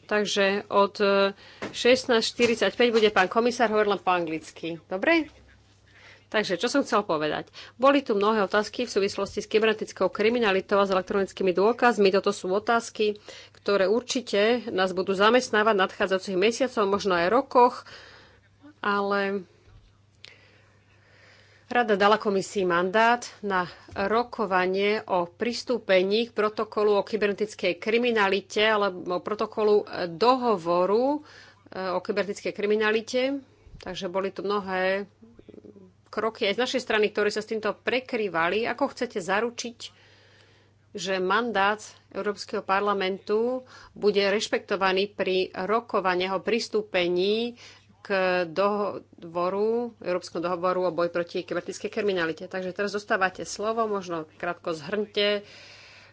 Takže od 16.45 e, bude pán komisár hovoril len po anglicky. Dobre? Takže, čo som chcel povedať? Boli tu mnohé otázky v súvislosti s kybernetickou kriminalitou a s elektronickými dôkazmi. Toto sú otázky, ktoré určite nás budú zamestnávať v nadchádzajúcich mesiacoch, možno aj rokoch, ale Rada dala komisii mandát na rokovanie o pristúpení k protokolu o kybernetickej kriminalite alebo protokolu e, dohovoru e, o kybernetickej kriminalite. Takže boli tu mnohé kroky aj z našej strany, ktoré sa s týmto prekrývali. Ako chcete zaručiť, že mandát Európskeho parlamentu bude rešpektovaný pri rokovaní o pristúpení k dohovoru, Európskom dohovoru o boj proti kybernetickej kriminalite. Takže teraz dostávate slovo, možno krátko zhrňte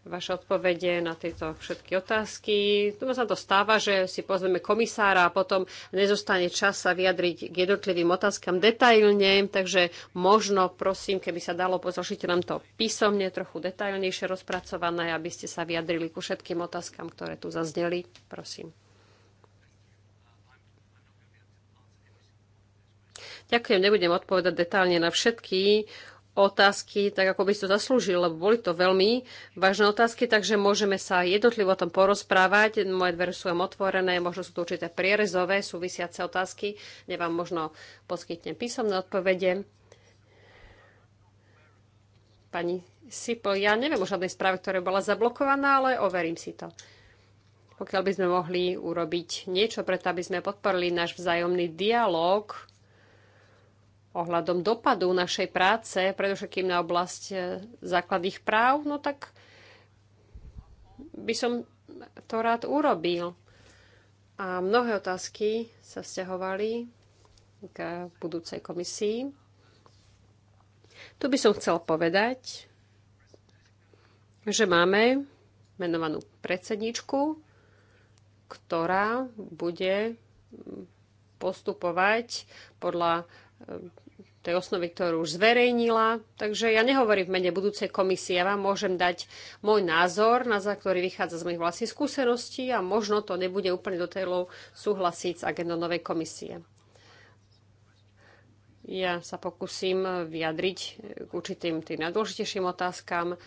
vaše odpovede na tieto všetky otázky. Tu sa to stáva, že si pozveme komisára a potom nezostane čas sa vyjadriť k jednotlivým otázkam detailne, takže možno prosím, keby sa dalo, pozložite nám to písomne, trochu detailnejšie rozpracované, aby ste sa vyjadrili ku všetkým otázkam, ktoré tu zazneli. Prosím. Ďakujem, nebudem odpovedať detálne na všetky otázky, tak ako by si to zaslúžil, lebo boli to veľmi vážne otázky, takže môžeme sa jednotlivo o tom porozprávať. Moje dvere sú vám otvorené, možno sú to určité prierezové, súvisiace otázky, kde vám možno poskytnem písomné odpovede. Pani Sipl, ja neviem o žiadnej správe, ktorá bola zablokovaná, ale overím si to. Pokiaľ by sme mohli urobiť niečo preto, aby sme podporili náš vzájomný dialog, ohľadom dopadu našej práce, predovšetkým na oblasť e, základných práv, no tak by som to rád urobil. A mnohé otázky sa vzťahovali k budúcej komisii. Tu by som chcel povedať, že máme menovanú predsedničku, ktorá bude postupovať podľa tej osnovy, ktorú už zverejnila. Takže ja nehovorím v mene budúcej komisie, ja vám môžem dať môj názor, na za ktorý vychádza z mojich vlastných skúseností a možno to nebude úplne do detailov súhlasiť s agendou novej komisie. Ja sa pokúsim vyjadriť k určitým tým najdôležitejším otázkam.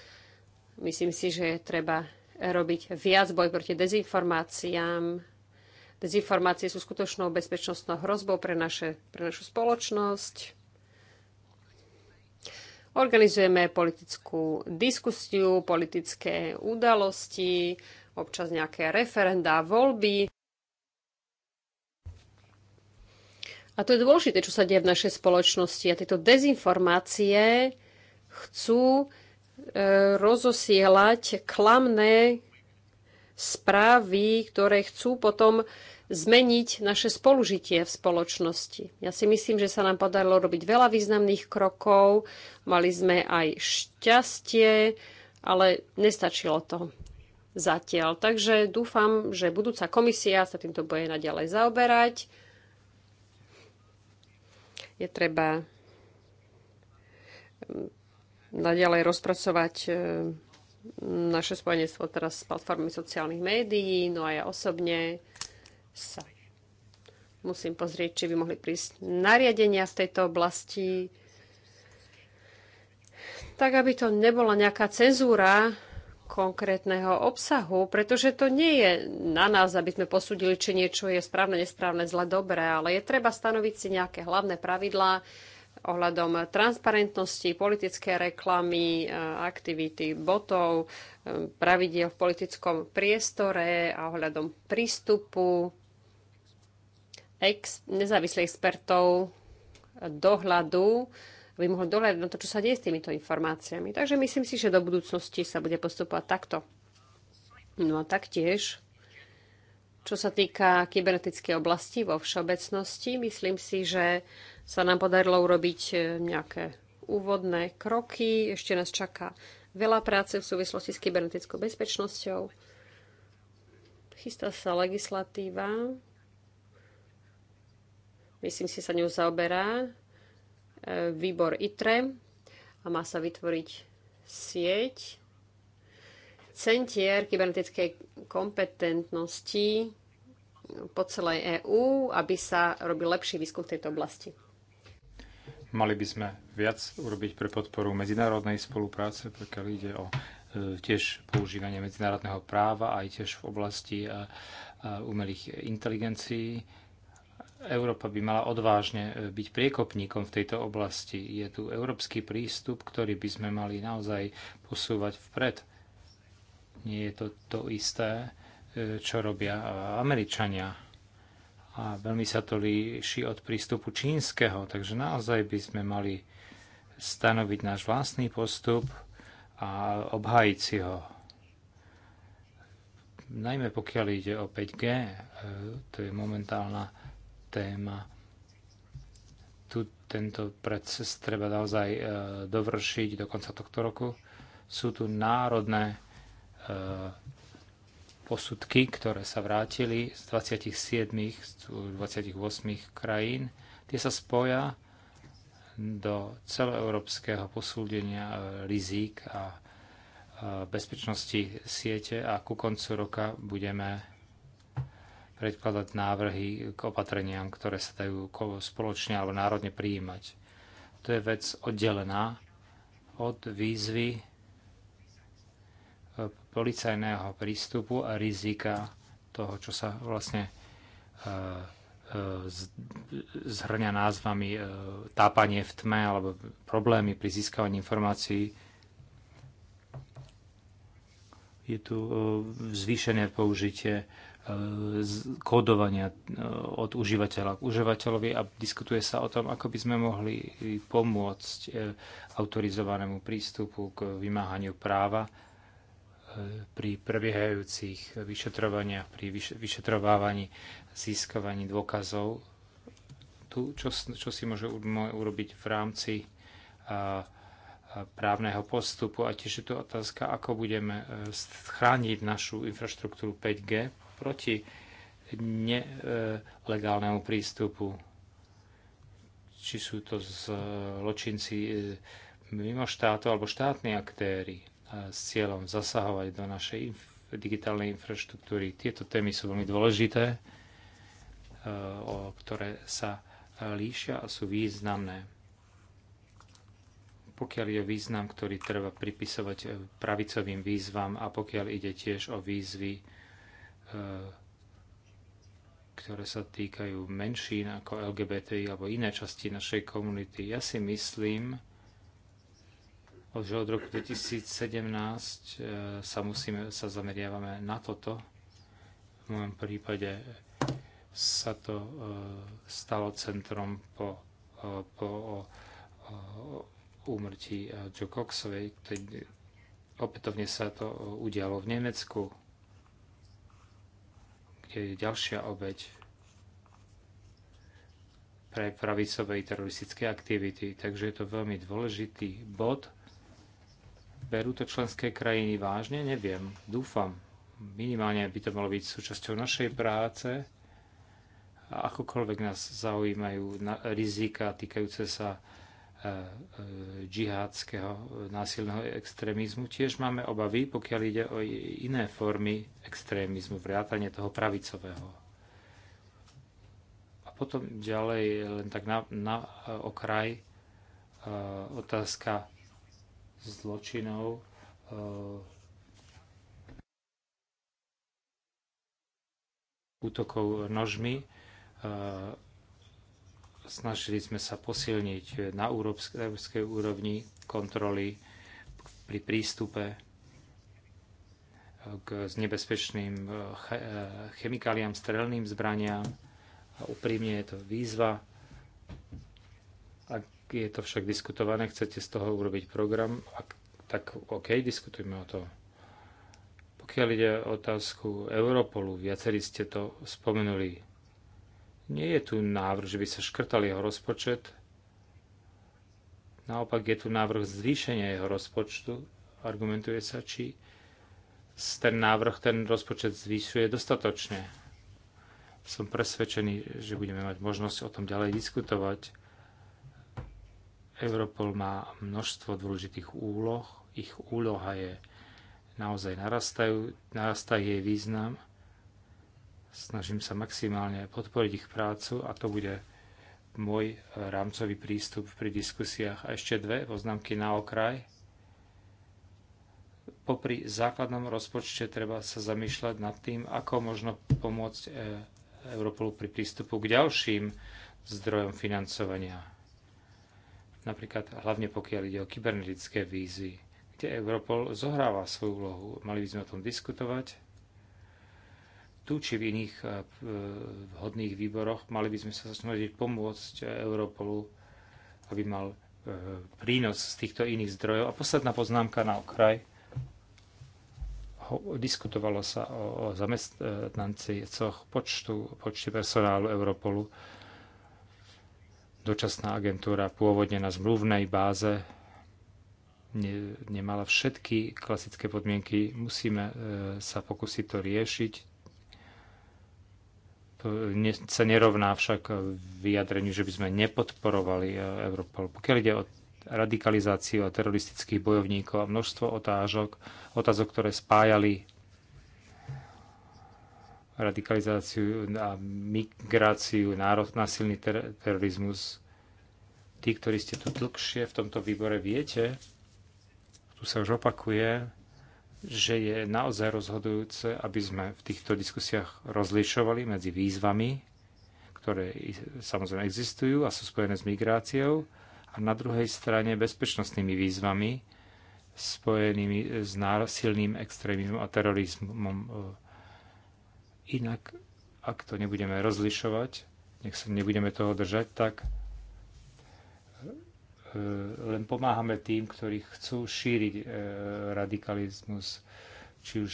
Myslím si, že treba robiť viac boj proti dezinformáciám, Dezinformácie sú skutočnou bezpečnostnou hrozbou pre, naše, pre našu spoločnosť. Organizujeme politickú diskusiu, politické udalosti, občas nejaké referenda, voľby. A to je dôležité, čo sa deje v našej spoločnosti. A tieto dezinformácie chcú e, rozosielať klamné správy, ktoré chcú potom zmeniť naše spolužitie v spoločnosti. Ja si myslím, že sa nám podarilo robiť veľa významných krokov, mali sme aj šťastie, ale nestačilo to zatiaľ. Takže dúfam, že budúca komisia sa týmto bude naďalej zaoberať. Je treba mm, naďalej rozpracovať e, naše spojenectvo teraz s platformy sociálnych médií, no a ja osobne sa musím pozrieť, či by mohli prísť nariadenia v tejto oblasti, tak aby to nebola nejaká cenzúra konkrétneho obsahu, pretože to nie je na nás, aby sme posúdili, či niečo je správne, nesprávne, zle, dobré, ale je treba stanoviť si nejaké hlavné pravidlá, ohľadom transparentnosti, politické reklamy, e, aktivity botov, e, pravidiel v politickom priestore a ohľadom prístupu ex, nezávislých expertov e, dohľadu, aby mohol dohľadať na to, čo sa deje s týmito informáciami. Takže myslím si, že do budúcnosti sa bude postupovať takto. No a taktiež, čo sa týka kybernetickej oblasti vo všeobecnosti, myslím si, že sa nám podarilo urobiť e, nejaké úvodné kroky. Ešte nás čaká veľa práce v súvislosti s kybernetickou bezpečnosťou. Chystá sa legislatíva. Myslím si, sa ňou zaoberá e, výbor ITRE a má sa vytvoriť sieť centier kybernetickej kompetentnosti po celej EÚ, aby sa robil lepší výskum v tejto oblasti. Mali by sme viac urobiť pre podporu medzinárodnej spolupráce, pokiaľ ide o e, tiež používanie medzinárodného práva aj tiež v oblasti e, e, umelých inteligencií. Európa by mala odvážne byť priekopníkom v tejto oblasti. Je tu európsky prístup, ktorý by sme mali naozaj posúvať vpred. Nie je to to isté, čo robia Američania a veľmi sa to líši od prístupu čínskeho, takže naozaj by sme mali stanoviť náš vlastný postup a obhájiť si ho. Najmä pokiaľ ide o 5G, e, to je momentálna téma. Tu tento proces treba naozaj e, dovršiť do konca tohto roku. Sú tu národné e, posudky, ktoré sa vrátili z 27, z 28 krajín. Tie sa spoja do celoeurópskeho posúdenia e, rizík a e, bezpečnosti siete a ku koncu roka budeme predkladať návrhy k opatreniam, ktoré sa dajú spoločne alebo národne prijímať. To je vec oddelená od výzvy policajného prístupu a rizika toho, čo sa vlastne e, e, zhrňa názvami e, tápanie v tme alebo problémy pri získavaní informácií. Je tu zvýšené použitie kódovania od užívateľa k užívateľovi a diskutuje sa o tom, ako by sme mohli pomôcť autorizovanému prístupu k vymáhaniu práva pri prebiehajúcich vyšetrovaniach, pri vyšetrovávaní, získavaní dôkazov. Tu, čo, čo si môže urobiť v rámci a, a právneho postupu. A tiež je tu otázka, ako budeme e, chrániť našu infraštruktúru 5G proti nelegálnemu prístupu. Či sú to zločinci e, mimo štátu alebo štátni aktéry s cieľom zasahovať do našej inf- digitálnej infraštruktúry. Tieto témy sú veľmi dôležité, e, o ktoré sa líšia a sú významné. Pokiaľ je význam, ktorý treba pripisovať e, pravicovým výzvam a pokiaľ ide tiež o výzvy, e, ktoré sa týkajú menšín ako LGBTI alebo iné časti našej komunity, ja si myslím, že od roku 2017 e, sa, musíme, sa zameriavame na toto. V mojom prípade sa to e, stalo centrom po, e, po o, o úmrtí Joe Coxovej. Opätovne sa to udialo v Nemecku, kde je ďalšia obeď pre pravicovej teroristické aktivity. Takže je to veľmi dôležitý bod, Berú to členské krajiny vážne? Neviem. Dúfam. Minimálne by to malo byť súčasťou našej práce. A akokoľvek nás zaujímajú na, rizika týkajúce sa e, e, džihádskeho násilného extrémizmu. Tiež máme obavy, pokiaľ ide o iné formy extrémizmu, vrátane toho pravicového. A potom ďalej, len tak na, na e, okraj, otázka zločinov eh, útokov nožmi. Eh, snažili sme sa posilniť na európskej úrovni kontroly pri prístupe eh, k nebezpečným chemikáliám, strelným zbraniam. A úprimne je to výzva. Ak je to však diskutované, chcete z toho urobiť program, ak, tak OK, diskutujme o tom. Pokiaľ ide o otázku Europolu, viacerí ste to spomenuli. Nie je tu návrh, že by sa škrtal jeho rozpočet. Naopak je tu návrh zvýšenia jeho rozpočtu. Argumentuje sa, či ten návrh, ten rozpočet zvýšuje dostatočne. Som presvedčený, že budeme mať možnosť o tom ďalej diskutovať Europol má množstvo dôležitých úloh, ich úloha je naozaj narastajú, narastá jej význam. Snažím sa maximálne podporiť ich prácu a to bude môj rámcový prístup pri diskusiách. A ešte dve poznámky na okraj. Popri základnom rozpočte treba sa zamýšľať nad tým, ako možno pomôcť e, Europolu pri prístupu k ďalším zdrojom financovania napríklad hlavne pokiaľ ide o kybernetické vízy, kde Europol zohráva svoju úlohu. Mali by sme o tom diskutovať. Tu či v iných eh, vhodných výboroch mali by sme sa snažiť pomôcť eh, Europolu, aby mal eh, prínos z týchto iných zdrojov. A posledná poznámka na okraj. Diskutovalo sa o, o zamestnancoch počtu, počte personálu Europolu Dočasná agentúra pôvodne na zmluvnej báze ne, nemala všetky klasické podmienky. Musíme e, sa pokúsiť to riešiť. To ne, sa nerovná však vyjadreniu, že by sme nepodporovali e, Europol. Pokiaľ ide o radikalizáciu a teroristických bojovníkov a množstvo otázok, otázok, ktoré spájali radikalizáciu a migráciu, národ, násilný ter- terorizmus. Tí, ktorí ste tu dlhšie v tomto výbore, viete, tu sa už opakuje, že je naozaj rozhodujúce, aby sme v týchto diskusiách rozlišovali medzi výzvami, ktoré samozrejme existujú a sú spojené s migráciou, a na druhej strane bezpečnostnými výzvami spojenými s násilným extrémizmom a terorizmom e, Inak, ak to nebudeme rozlišovať, nech sa nebudeme toho držať, tak e, len pomáhame tým, ktorí chcú šíriť e, radikalizmus, či už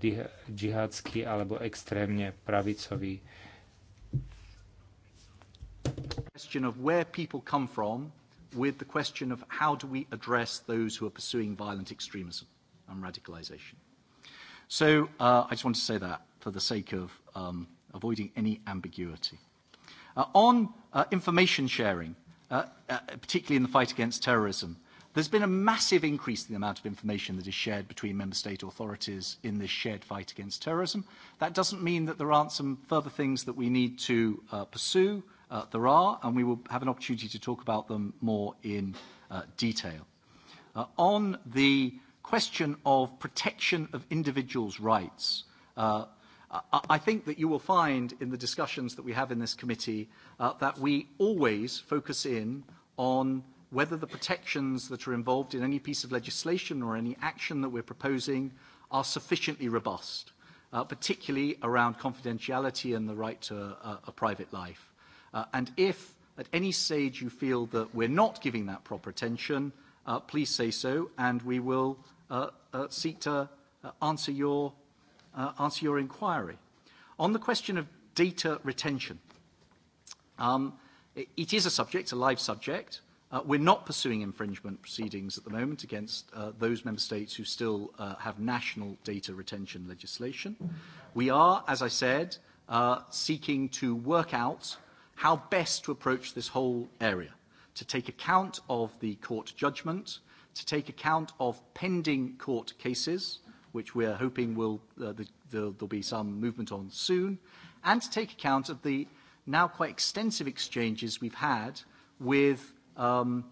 e, džihadský alebo extrémne pravicový. Question of where people come from with the question of how do we address those who are pursuing violent extremism and radicalization. So uh, I just want to say that for the sake of um, avoiding any ambiguity. Uh, on uh, information sharing, uh, uh, particularly in the fight against terrorism, there's been a massive increase in the amount of information that is shared between member state authorities in this shared fight against terrorism. That doesn't mean that there aren't some further things that we need to uh, pursue. Uh, there are, and we will have an opportunity to talk about them more in uh, detail. Uh, on the question of protection of individuals' rights, uh, i think that you will find in the discussions that we have in this committee uh, that we always focus in on whether the protections that are involved in any piece of legislation or any action that we're proposing are sufficiently robust, uh, particularly around confidentiality and the right to a, a private life. Uh, and if at any stage you feel that we're not giving that proper attention, uh, please say so, and we will uh, uh, seek to uh, answer your Uh, answer your inquiry. On the question of data retention, um, it, is a subject, a live subject. Uh, we're not pursuing infringement proceedings at the moment against uh, those member states who still have national data retention legislation. We are, as I said, seeking to work out how best to approach this whole area, to take account of the court judgment, to take account of pending court cases, which we're hoping will, uh, the, the, there'll be some movement on soon, and to take account of the now quite extensive exchanges we've had with um,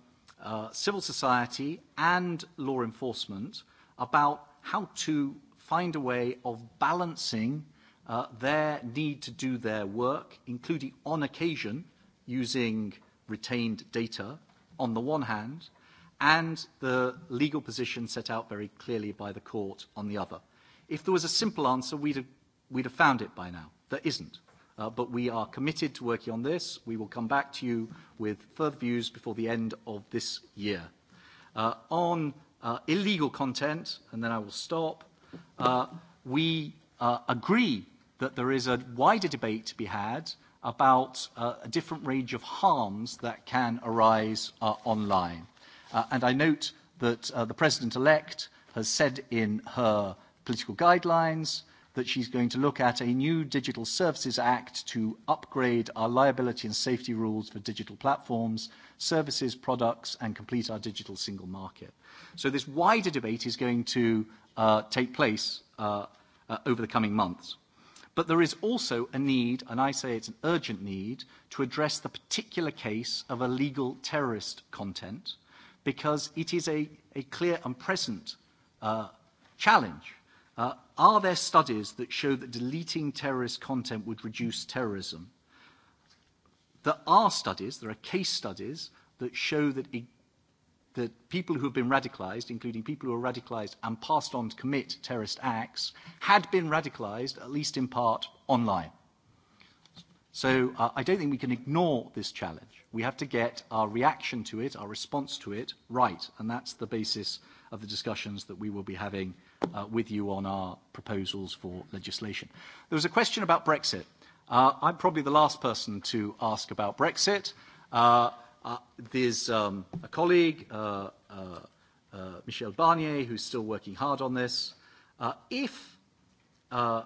uh, civil society and law enforcement about how to find a way of balancing uh, their need to do their work, including on occasion using retained data on the one hand, and the legal position set out very clearly by the court on the other. If there was a simple answer, we'd have, we'd have found it by now. There isn't. Uh, but we are committed to working on this. We will come back to you with further views before the end of this year. Uh, on uh, illegal content, and then I will stop, uh, we uh, agree that there is a wider debate to be had about uh, a different range of harms that can arise uh, online. Uh, and I note that uh, the president-elect has said in her political guidelines that she's going to look at a new Digital Services Act to upgrade our liability and safety rules for digital platforms, services, products, and complete our digital single market. So this wider debate is going to uh, take place uh, uh, over the coming months. But there is also a need, and I say it's an urgent need, to address the particular case of illegal terrorist content because it is a, a clear and present uh, challenge. Uh, are there studies that show that deleting terrorist content would reduce terrorism? There are studies, there are case studies that show that, it, that people who have been radicalized, including people who are radicalized and passed on to commit terrorist acts, had been radicalized, at least in part, online. So uh, I don't think we can ignore this challenge. We have to get our reaction to it, our response to it, right. And that's the basis of the discussions that we will be having uh, with you on our proposals for legislation. There was a question about Brexit. Uh, I'm probably the last person to ask about Brexit. Uh, uh, there's um, a colleague, uh, uh, uh, Michel Barnier, who's still working hard on this. Uh, if, uh,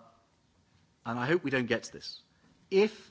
and I hope we don't get to this, if